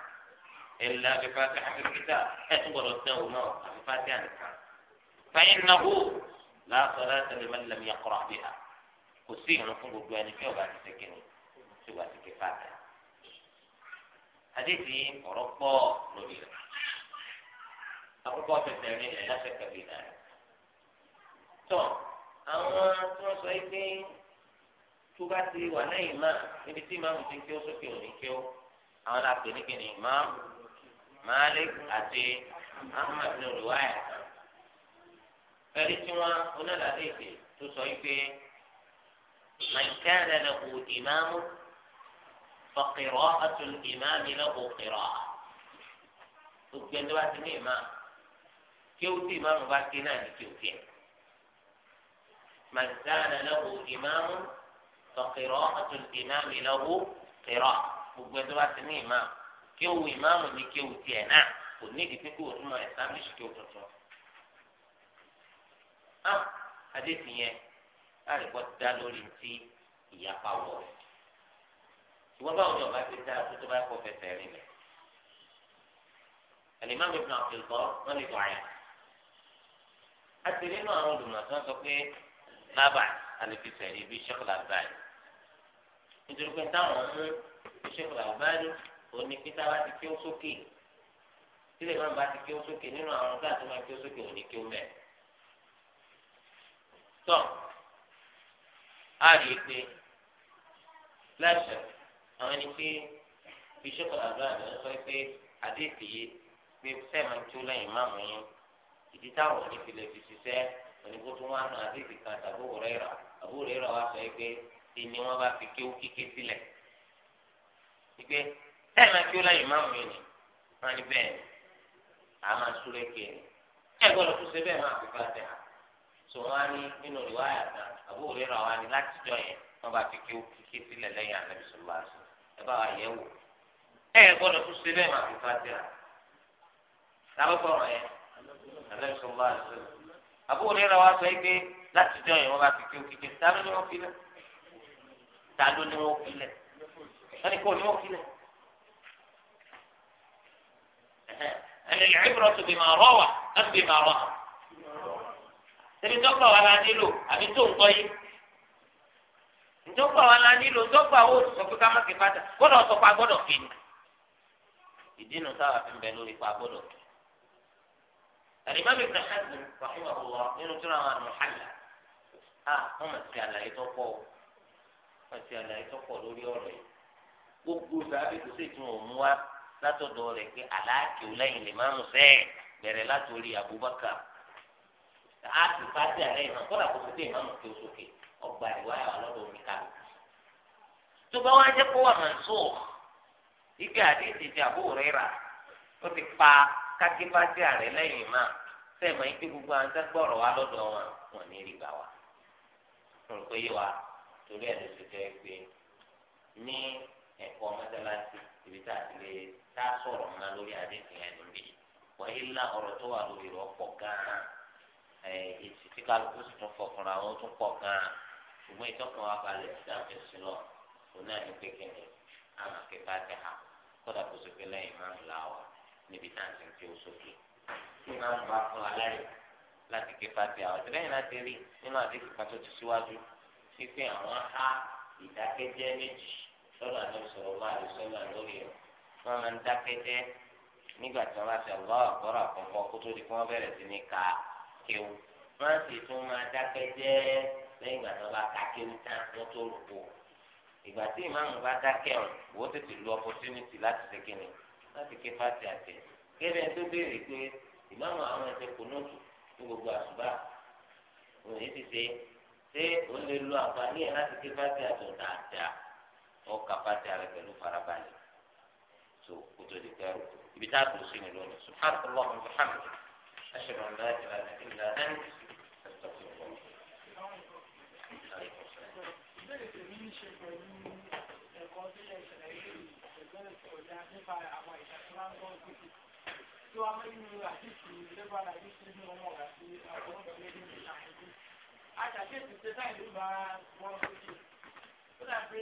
إلا بفاتحة الكتاب اعتبر الدوم بفاتحة الكتاب فإنه لا صلاة لمن لم يقرأ بها كسيه نقول بأن في وبعد سكني سوى سكفاتها حديثي أوروبا نبيل أوروبا في التعليم لا شك في ذلك تو أما تو سيدي tó bá ti wà lẹ́yìn máa níbi tí màmú Malik àti Ahmad ní olùwáyà fẹ́rí tí wọ́n onílàdé ìpè tó sọ pé màkàdà lè kó ìmáàmù fọkìrọ́ àtún ìmáàmù lè kó kìrọ́ gbogbo ẹni wá sí ní ìmáàmù kí o tí ìmáàmù bá ké náà ní kí o tiẹ̀ màkàdà lè kó ìmáàmù fọkìrọ́ àtún ìmáàmù lè kó kìrọ́ gbogbo ẹni wá ní ìmáàmù kéwù ìmáàmù ní kéwù tiẹ̀ náà kò ní ìdí pípé òtún máa ẹ̀sábíṣì kéwù tuntun. náà adéfì yẹn láàrúkọ dá lórí ti ìyapa wọ̀ rẹ̀. ìwọ báwo ni ọba ti dá a tó tó bá kọ fẹsẹ̀ rìn lẹ̀. Al-Imam Ibn Abdul Barr wọn lè dọ̀ àyà. a ti rí inú àwọn olùmọ̀sán sọ pé lábà àlefisẹ̀ rí bí báyìí. nítorí pé táwọn mú sẹ́kọ̀lá báyìí òní pété bá ti kí ó sókè tílẹ̀ máa bá ti kí ó sókè nínú àwọn ọ̀gá tó máa kí ó sókè òní kí ó mẹ́. tọ́ a rí i pé láṣẹ àwọn ẹni pé bíṣọ́pù àdúrà ló sọ pé àdéhìí yé pé sẹ́ẹ̀ máa ń tó lẹ́yìn máàmù yín ìdí táwọn òní fi lè fi ṣiṣẹ́ onígbó tó wà nù àdéhìí kan tàbí òwúrọ̀ ìrà àbúrò ìrà wa sọ pé ìní wọn bá fi kí ó kíké sílẹ̀ wípé ẹ máa kí ó láyìn ìmáàmù yìí ni wọn ní bẹ́ẹ̀ ni a máa súré kí ẹ ẹ gbọ́dọ̀ tó ṣe bẹ́ẹ̀ máa fi bá tẹ sọ wọn ní nínú ìwà àgbà àbúrò rírà wa ni láti jọ yẹn wọn bá fi kí ó kíkí sílẹ̀ lẹ́yìn àlẹ bisọlá sọ ẹ bá wa yẹ̀ wò ẹ gbọ́dọ̀ tó ṣe bẹ́ẹ̀ máa fi bá tẹ lábẹ́pọ̀ rẹ̀ yẹn àlẹ bisọlá sọ àbúrò rírà wa sọ yìí pé láti jọ yẹn wọn bá fi kí ó kíkí ta العبرة بما روى أم بما رأى tẹ̀lé dọ́gba wa la nílò àbí tó ń gbọ́ yìí dọ́gba wa la nílò dọ́gba wo sọ pé ká má fi padà gbọ́dọ̀ sọ pa gbọ́dọ̀ fi ni ìdí nu sábà fi ń bẹ lórí pa gbọ́dọ̀ fi. Al-Imam Ibn Hazm rahimahullah nínú tí wọn àwọn Muhalla a wọn mọ̀ sí àlàyé tó pọ̀ mọ̀ sí àlàyé tó pọ̀ lórí ọ̀rọ̀ yìí gbogbo sábà kò sí ìtumọ̀ òun wá látọ̀dọ̀ rẹ̀ pé aláàkì ò lẹ́yìn lè máa ń fẹ́ bẹ̀rẹ̀ látòrí Abubakar àti fàtí àlẹ́ yìí náà kọ́dà kó fi dé ìmáàmù kí o sókè ọgbà ìwáyà wà lọ́dọ̀ ká lọ. tó bá wá jẹ́ kó wà mọ̀nsó ike àdéhìí ti àbúrò rẹ̀ rà ó ti pa kákí fàtí àlẹ́ lẹ́yìn máa sẹ́ẹ̀mọ́ ike gbogbo àwọn sẹ́gbọ̀rọ̀ wà lọ́dọ̀ wọn wọn ní rí gbà wá. mo rò pé yé wa torí ẹ̀ ló ti jẹ́ pé ní ẹ̀kọ́ mọ́tálásí tá a sọ̀rọ̀ mọ́ lórí àdéhùn yẹn níbí wọ́n ilá ọ̀rọ̀ tó wà lórí rẹ̀ pọ̀ gan-an èsì tí kálukú sì tún fọkànra wọn tún pọ̀ gan-an ṣùgbọ́n ìtọ́kùn wa balẹ̀ sí àfẹsí lọ òun náà ní pékinni àwọn akẹ́kọ̀ọ́ àti ha kódà kó sọ pé lẹ́yìn máa ń la wa níbi tá à ń ti ń fi sókè tí máa ń bá fún láti ké pàtẹ àwọn tẹ́lẹ̀yìn láti rí nínú àdéhùn kan tó ti síwájú sí pé àwọn há ìdákẹ́jẹ́ méjì lọ́dọ̀ àti sọ̀rọ̀ máa lè sọ́nà lórí ẹ̀ wọn máa ń dákẹ́jẹ́ nígbà tí wọn bá ṣe ọlọ́ àkọ́rọ̀ àkọ́kọ́ kó tó di kí wọ́n bẹ̀rẹ̀ sí ní ka kéwù wọn sì tún máa dákẹ́jẹ́ lẹ́yìn ìgbà tí wọn bá ka kéwù tán wọn tó rò pọ̀ ìgbà tí ìmáàmù bá dákẹ́ ọ̀hún wò ó tètè lu opportunity láti ṣe kíni láti ké fásitì àtẹ kébẹ̀ tó béèrè pé ìmáàmù àwọn ẹ̀sẹ̀ kò nóòtù ní gbogbo àṣùbà òun yìí ti ṣe ṣé òun lè lu àǹfààní ẹ̀ láti ké fásitì àtọ̀ dáadáa ó kà fásitì àrẹ pẹ̀lú farabalẹ̀ so kótó di kẹrù ibi tá a tó sí ni lónìí subhanahu wa ta'ala muhammed ashhadu an la ilaha illa ant astaghfirullah. ìbéèrè tèmi ní ṣe pẹ̀lú ẹ̀kọ́ tó yẹ ìṣẹ̀lẹ̀ yìí ìgbẹ́lẹ̀ tó kọjá nípa àwọn ìṣàkóso gbèsè tó wá mẹ́rin nínú àdìsí lẹ́gbàá àdìsí ní ọmọ ọ̀gá sí àwọn ọ̀gbẹ́lẹ́ ní ìṣàkóso. àtàkì ètò ìṣẹ́ta ìlú bá wọn ṣe ó dà pé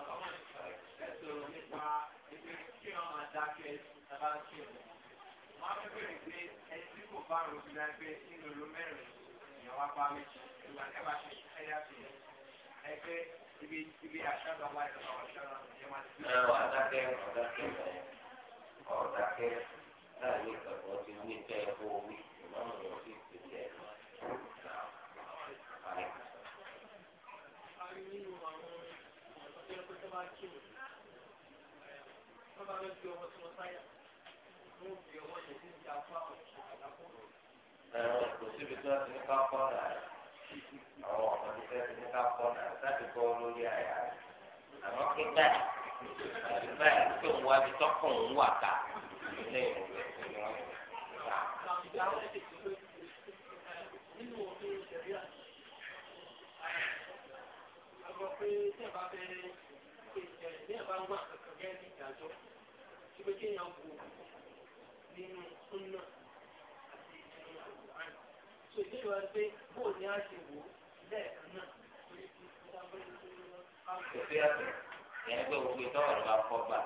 ẹ̀sọ̀ nípa ẹgbẹ́ kí wọ́n máa dákẹ́ tábà ń ṣe ọ̀dọ̀. wọ́n á fẹ́ bẹ̀rẹ̀ pé ẹni tí kò bá rò sí lágbẹ́ nínú olú mẹ́rin ìyàwó apá méjì ìgbà kẹwàá ṣe ẹ̀yà sí ẹgbẹ́ ibi ibi àṣàgbà wà ìjọba ọ̀ṣọ́ra ìjọba ti. ọ̀dákẹ́ ọ̀dákẹ́ ọ̀dákẹ́ láàyè ìgbàgbọ́ ti ní bẹ́ẹ̀ kó wí ìmọ̀ràn yóò fi ìpìlẹ̀ náà wá kí mi wọ́n bá ọmọ tí wọ́n sáyà wọ́n bí ọmọ yẹn ti ń di apá ọ̀hún àdàpọ̀. ẹ̀rọ kò síbi tí wọ́n ti ní ká kọ́ ọ̀nà àwọn ọmọ ti fẹ́ ti ní ká kọ́ ọ̀nà láti kọ́ lórí àyà àmọ́ kí báyìí àti báyìí tó ń wá bí tọ́kùn ń wà ká ilé ìwòye ni wọ́n ti ká. nínú òfin ìṣẹ̀lẹ̀ àgbọ̀ pé tí bá fẹ́ bá wà kankan bẹ́ẹ̀ ní ìdájọ́ tí pé kéèyàn wò nínú súnà àti nínú àwòrán so ìdílé wa pé bó ni a ṣe wò lẹ́ẹ̀kan náà torí ti dábẹ́ lórí ọ̀hún. ìyẹn pé gbogbo ìtọ́wọ̀ ló bá kọ́ gbà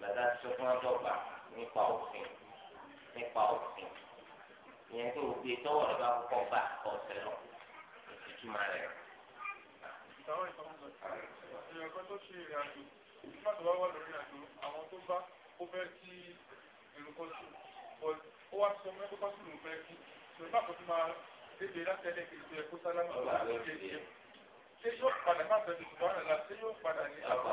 lọ́dá tó fún ọ̀dọ́gba nípa òfin nípa òfin ìyẹn pé gbogbo ìtọ́wọ̀ ló bá kọ́ gbà ọ̀sẹ̀ lọ ìtumọ̀ rẹ̀. Thank you èèyàn kan tó ṣe ìrìn àjò nígbà tó bá wà lórí àjò àwọn tó bá ó fẹ́ kí èrò kan sùn but ó wá sọ mẹ́kó kan sùn lòún fẹ́ kí ṣùgbọ́n bá kò tún máa débi látẹ̀lẹ̀ kì í ṣe ẹ̀kọ́ sálámà lọ́wọ́ ṣé yóò padà má sọ ìdìbò àrà la ṣé yóò padà ní àwọn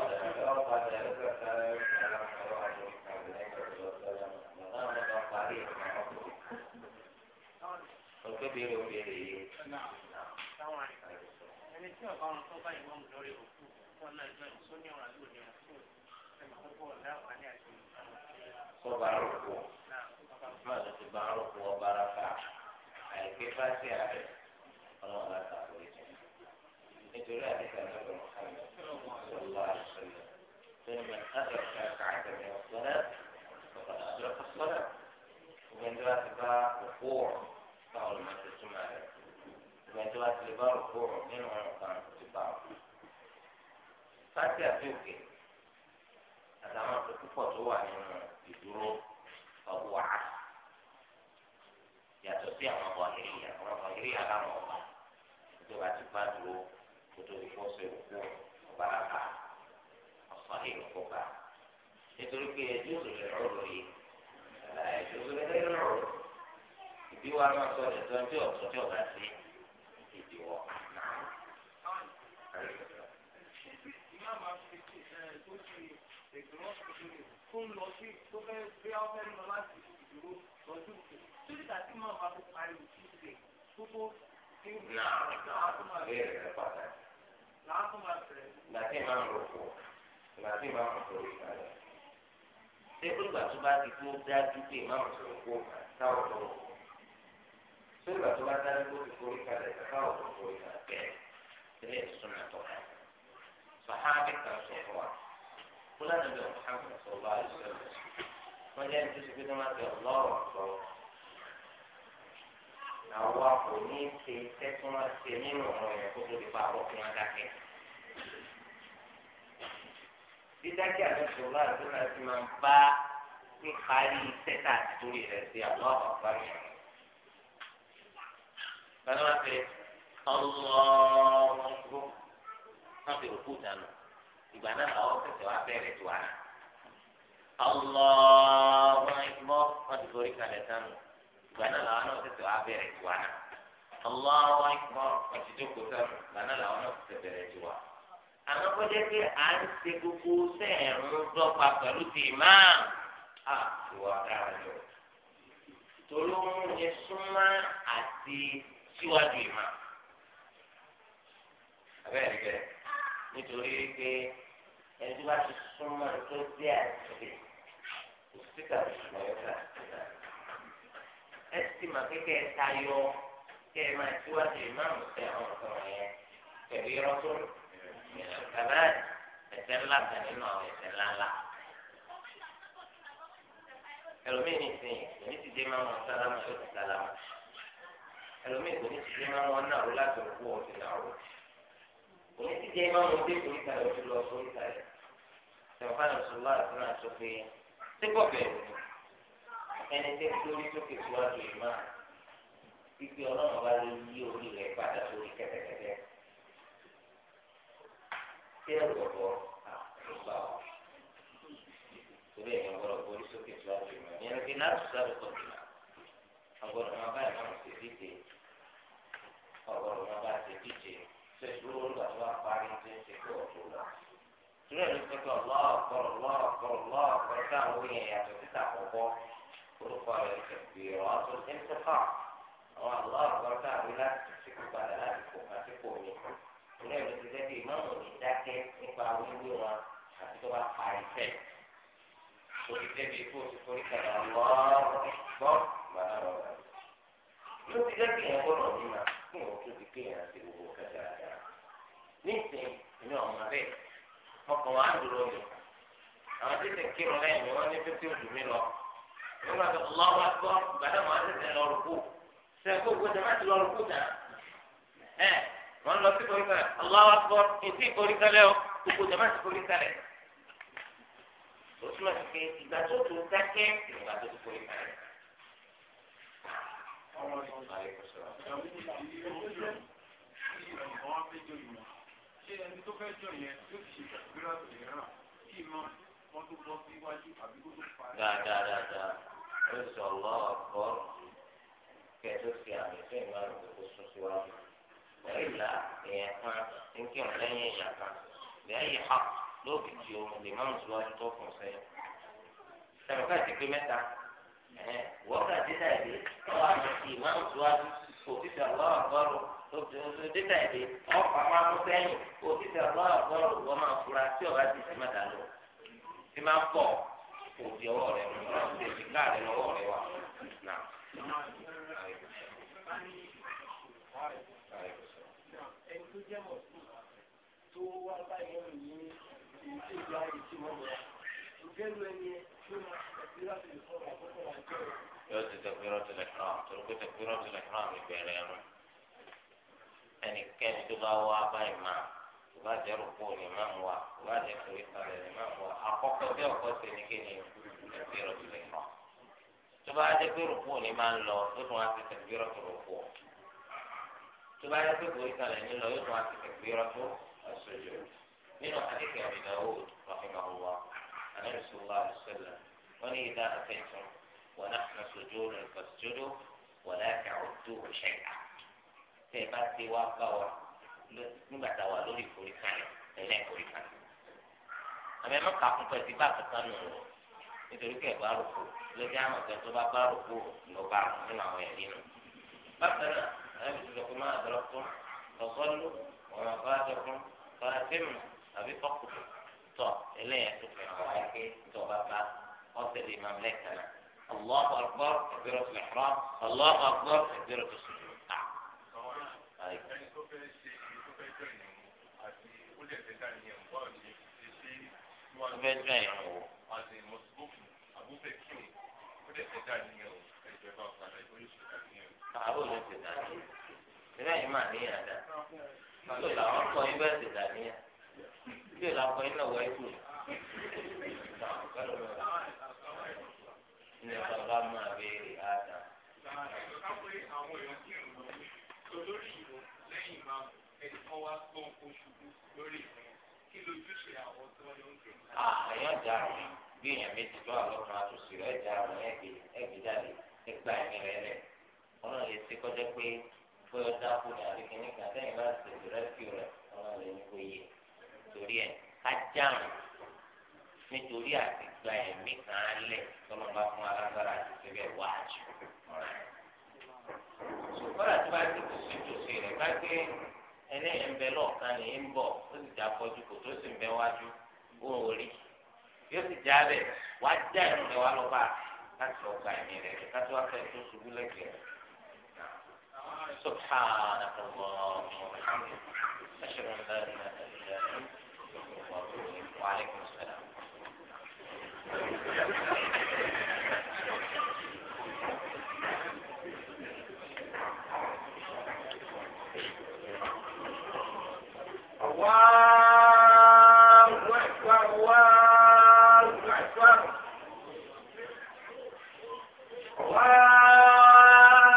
ọ̀gbẹ́bẹ̀rẹ̀ obìnrin yìí. ẹni tí ọ̀gá ọ̀run tó bá ìmọ̀ lórí òkú. وبركه ماذا تبارك وبركة أي كيف سيعرف الله لا تعبد نتولى ذلك النبي محمد صلى الله عليه وسلم فمن أدرك ركعة من الصلاة فقد أدرك الصلاة ومن ذلك ركوع قول ما تسمع ومن ذلك ركوع من وعقام تبارك sáàtì àti òkè àtàwọn púpọ̀ tó wà nínú ìdúró ọ̀bùwà yàtọ̀ sí àwọn ọmọ ìrìyà àwọn ọmọ ìrìyà láwọn ti bá dúró kótó ìfọ́sẹ̀ òkú ọba àbá ọ̀sán ìrọ̀kọ̀ba nítorí pé ẹjọ́ òṣèlú ọ̀rọ̀ yìí ẹjọ́ òṣèlú ọ̀rọ̀ ìbí wa máa sọ ẹ̀tọ́ tí sí ìdíwọ́ ìdúró tó ń lọ sí tó fẹ́ gbé ọfẹ́ lọ láti ìdúró lọ́jọ́ òkè tó ti dàtí mọ́ ọ̀pá tó pariwo sí ilé tó tó ti ń gbé àwọn tó máa bẹ̀rẹ̀ pàtàkì. Làwọn tó máa bẹ̀rẹ̀. Ìgbàdí máa ń rò fún ìgbàdí máa ń rò fún ìgbàdí. tó bá ti kó dájú pé ìmáàmù sọ̀rọ̀ kó táwọn tó rò fún? Ṣé tó bá dájú pé ìforí kalẹ̀ táwọn tó forí kalẹ̀ bẹ́ẹ̀? fúlàní àbí Muhammad sọlá àdìsẹ́lẹ̀ wọ́n jẹ́ nítorí pé wọ́n máa bẹ̀ lọ́rọ̀ sọ. àwa kò ní í ṣe iṣẹ́ tí wọ́n ṣe nínú ọ̀rọ̀ yẹn kó tó di pa àbọ̀ fún wọn dákẹ́. dídákẹ́ àbí sọlá àdìsẹ́lẹ̀ ti máa ń bá níparí iṣẹ́ tá a ti torí rẹ̀ sí àlọ́ àbáyé. báyọ̀ wá pé ọlọ́ọ̀ọ́ wọ́n fi òkú dànù ìgbà náà làwọn tẹ̀sẹ̀ wá bẹ̀rẹ̀ tó ara. Allahu Akbar wọ́n ti forí kalẹ̀ sánú. Ìgbà náà làwọn náà tẹ̀sẹ̀ wá bẹ̀rẹ̀ tó ara. Allahu Akbar wọ́n ti jókòó sánú. Ìgbà náà làwọn náà tẹ̀sẹ̀ bẹ̀rẹ̀ tó wa. Àmọ́ kó jẹ́ pé à ń ṣe gbogbo sẹ́ẹ̀rún dọ́gba pẹ̀lú ti ìmáà. À ti wà dára jọ. Toló ń súnmọ́ àti síwájú ìmáà. Abẹ́rẹ́ bẹ́ẹ̀ nítorí pé ẹni tí wàá ti súnmọ́ ẹni tó dé àìsè kò sí tàbí ṣùgbọ́n yóò fà síta. ẹ sì mà kékeré tayọ kẹ ẹ máa tíwájú ìmáàmù tẹ àwọn ọ̀sán yẹn pẹ̀lú irọ́ tó bàbá ẹ̀ṣẹ̀ ńlá kan nínú àwọn ẹ̀ṣẹ̀ ńlá ńlá. ẹlòmíì ní sìn ní ti dé máa wọn sálámù yóò ti sálámù ẹlòmíì kò ní ti dé máa wọn náà rú láti òkú ọ̀sìn náà rú ìyẹn ti jẹ́ imáàmù dé orí kalẹ̀ ojú lọ sórí kalẹ̀ sọ̀rọ̀fánà sọ̀rọ̀ àtúnà sọ pé ṣé kò bẹ̀rù ẹni tí ń lórí sókè síwájú ìmá fífi ọlọ́run bá lè yí orí rẹ̀ padà sórí kẹ́tẹ́kẹ́tẹ́ tí ẹ̀rù ọ̀bọ àgbà ọ̀ torí ẹ̀yìn ọ̀gbọ́dọ̀ borí sókè síwájú ìmá ìyẹn fi náà sọ̀rọ̀ àbùkọ̀ ìmá ọ̀gbọ́dọ̀ máa bá ìmá ọ̀gbọ́dọ̀ máa bá ṣe díje ṣe dúró lọ́wọ́ parí tí ń ṣe kó ọ̀tún lọ. Ìrẹ́ ló ti kọ́ lọ́ọ̀kọ̀rọ̀ lọ́ọ̀kọ̀rọ̀ lọ́ọ̀kọ̀rọ̀ táwọn èèyàn yàtọ̀ síta àkọ́kọ́ orúkọ rẹ̀ ṣe pé ọ̀rọ̀ tó ṣe ń tọ́fà. Àwọn àlọ́ọ̀kọ̀rọ̀ táwọn láti ṣe kó padà láti kó àti kò ní. Ìrẹ́ ló ti jẹ́ pé ìmáàmù ní dákẹ́ nípa wíwí wọn àti tó bá parí tẹ̀. Orí débi ikú ti forí kalẹ̀ ọlọ́ọ̀rọ̀ gbọ́ bàbá rọ̀ bàbá. ti jẹ́ pé ìyẹn nísìnyí èmi ọmọ rẹ mọkàn wà á dúró mi àwọn tí tẹ̀kí rọ lẹ́yìn wọn ní fífi òdù mi lọ nígbà tó lọ́wọ́ wá gbọ́ gbàdá wọn á tẹ̀sẹ̀ lọ rúkú sẹ́kó gbọ́dọ̀ má ti lọ rúkú tà ẹ̀ wọ́n lọ sí koríkalẹ̀ lọ́wọ́ gbọ́ ètí koríkalẹ̀ o gbogbo jama ti koríkalẹ̀ òtún àti pé ìgbà tó tó dákẹ́ ìgbà tó tó koríkalẹ̀. Thank you ṣé ẹni tó fẹ́ jọ yẹn yóò ṣe ìgbéra mìíràn kí mọ wọn tó bọ́ síwájú àbí kó tó fa. dáadáa dáadáa ó sọ lọ́wọ́ kọ́ kẹ́ẹ́dọ́ sí àmì fún ìmọ̀ràn tó sún síwájú. وإلا يكون يمكن أن يكون بأي حق لو كنت يوم الإمام سواء توقف سيئا كما كانت في متى وقت ذلك طبعا الإمام سواء توقف الله أكبر òtítà èdè ọ̀pá máa mú sẹ́yìn òtítà bọ́ọ̀lù bọ́ọ̀lù wọ́n máa fura tí ọ̀gá ti sì má dànù tí máa pọ̀ kò di ọwọ́ rẹ̀ mú lọ sí èjìká rẹ̀ lọ́wọ́ rẹ̀ wà. ẹni tó jẹ́ mọ̀ tó wá báyìí ní ìṣèjọba ìṣèjọba ìjẹ́lu ẹni tó máa ṣàkíyèsí láti lè fọ́ ọ̀rọ̀ àkọ́kọ́ àjọ rẹ̀. yóò ti tẹ̀kúrọ́tì lẹ́kọ̀ọ́ torí pé tẹ̀kúrọ́tì ẹnikẹ́ni tó bá wá bá ìmọ̀ ìbá jẹ́ rògbò ní ìmọ̀ wa máa torí kalẹ̀ ní ìmọ̀ wa àkọ́kọ́ bí ọ̀kọ́ ṣe ní kí ni ẹgbẹ́ rògbò lọ. tó bá jẹ́ pé rògbò oko ti ní kí máa ń lọ yóò tún wá sí ẹgbẹ́ rògbò tó bá jẹ́ pé torí kalẹ̀ ní lọ yóò tún wá sí ẹgbẹ́ rògbò ọ̀ṣọ́jọ́ nínú àdéhùn àbìdáwò rọ̀fìmọ̀wá anẹ́rìsọ̀lá àdìsọ́lá wọ́n ní ìdá àtẹ̀tún wọn tẹ ẹ bá ti wá bá wa nígbà tá a wà lórí ìkórè kalẹ̀ ẹlẹ́ ìkórè kalẹ̀ àmì ẹ̀mọ́ kà fún pẹ̀sì bá kankan nù rọ̀ nítorí kẹ̀ bá rògbò lọ́jọ́ àwọn ọ̀gá tó bá bá rògbò lọ bá rò nínú àwọn ẹ̀rí nù. bákan náà ẹ̀rọ ìṣòro kò máa dọ̀rọ̀ fún lọ́sọ́lù ọ̀rọ̀ àbájọ fún farafinmu àbí fọ́kùtù tọ̀ ẹlẹ́yìn tó fi hàn wáyé tó bá bá ọ̀sẹ̀ lè máa lẹ́kàn الله أكبر تكبيرة الإحرام الله أكبر تكبيرة السجود wọ́n fẹ́ dùn ẹ̀yàn wò. àwọn olè ti dà ní ìrẹ́ yìí mà níyàn dà tó làwọn kọ yín bẹ́ẹ̀ ti dà níyàn tó làwọn kọ yín náà wọ ikú ní bàbá máa béèrè àdá. lórí ìwọ lẹ́yìn ìmáàmù ẹnì kan wá gbọ́n oṣù lórí ìwọ àyàn ah, jà rẹ bí èèyàn méjì tó àlọ́kùnrin àtòsí rẹ jà rẹ ẹgbẹ ẹgbẹ jáde nígbà ẹ̀mí rẹ lẹ ọlọ́run lè ṣe kọjá pé bóyá dáko ní àríkè nígbà tẹ́yìn bá ṣe rẹ́síù rẹ ọlọ́run lè ní kó yẹ torí ẹ̀ ká já rẹ nítorí àti gba ẹ̀mí kan á lẹ̀ tọ́lọ́ bá fún alágbára àti síbẹ̀ wájú. ṣùgbọ́n àti bá ti tòṣì tòṣì rẹ̀ ká gbé eléyìí ń bẹ lọ́ọ̀kan ní ń bọ̀ ó sì já fọjú kò tó sì ń bẹ wájú òun ò rí yóò sì já bẹ̀ wá já ẹ̀rùn rẹ̀ wá lọ bá láti lọ gba ẹ̀mí rẹ̀ ká tó wá fẹ́ tó ṣubú lẹ́gbẹ̀ẹ́ سبحانك اللهم وبحمدك أشهد أن لا إله إلا أنت وعليكم السلام Uau!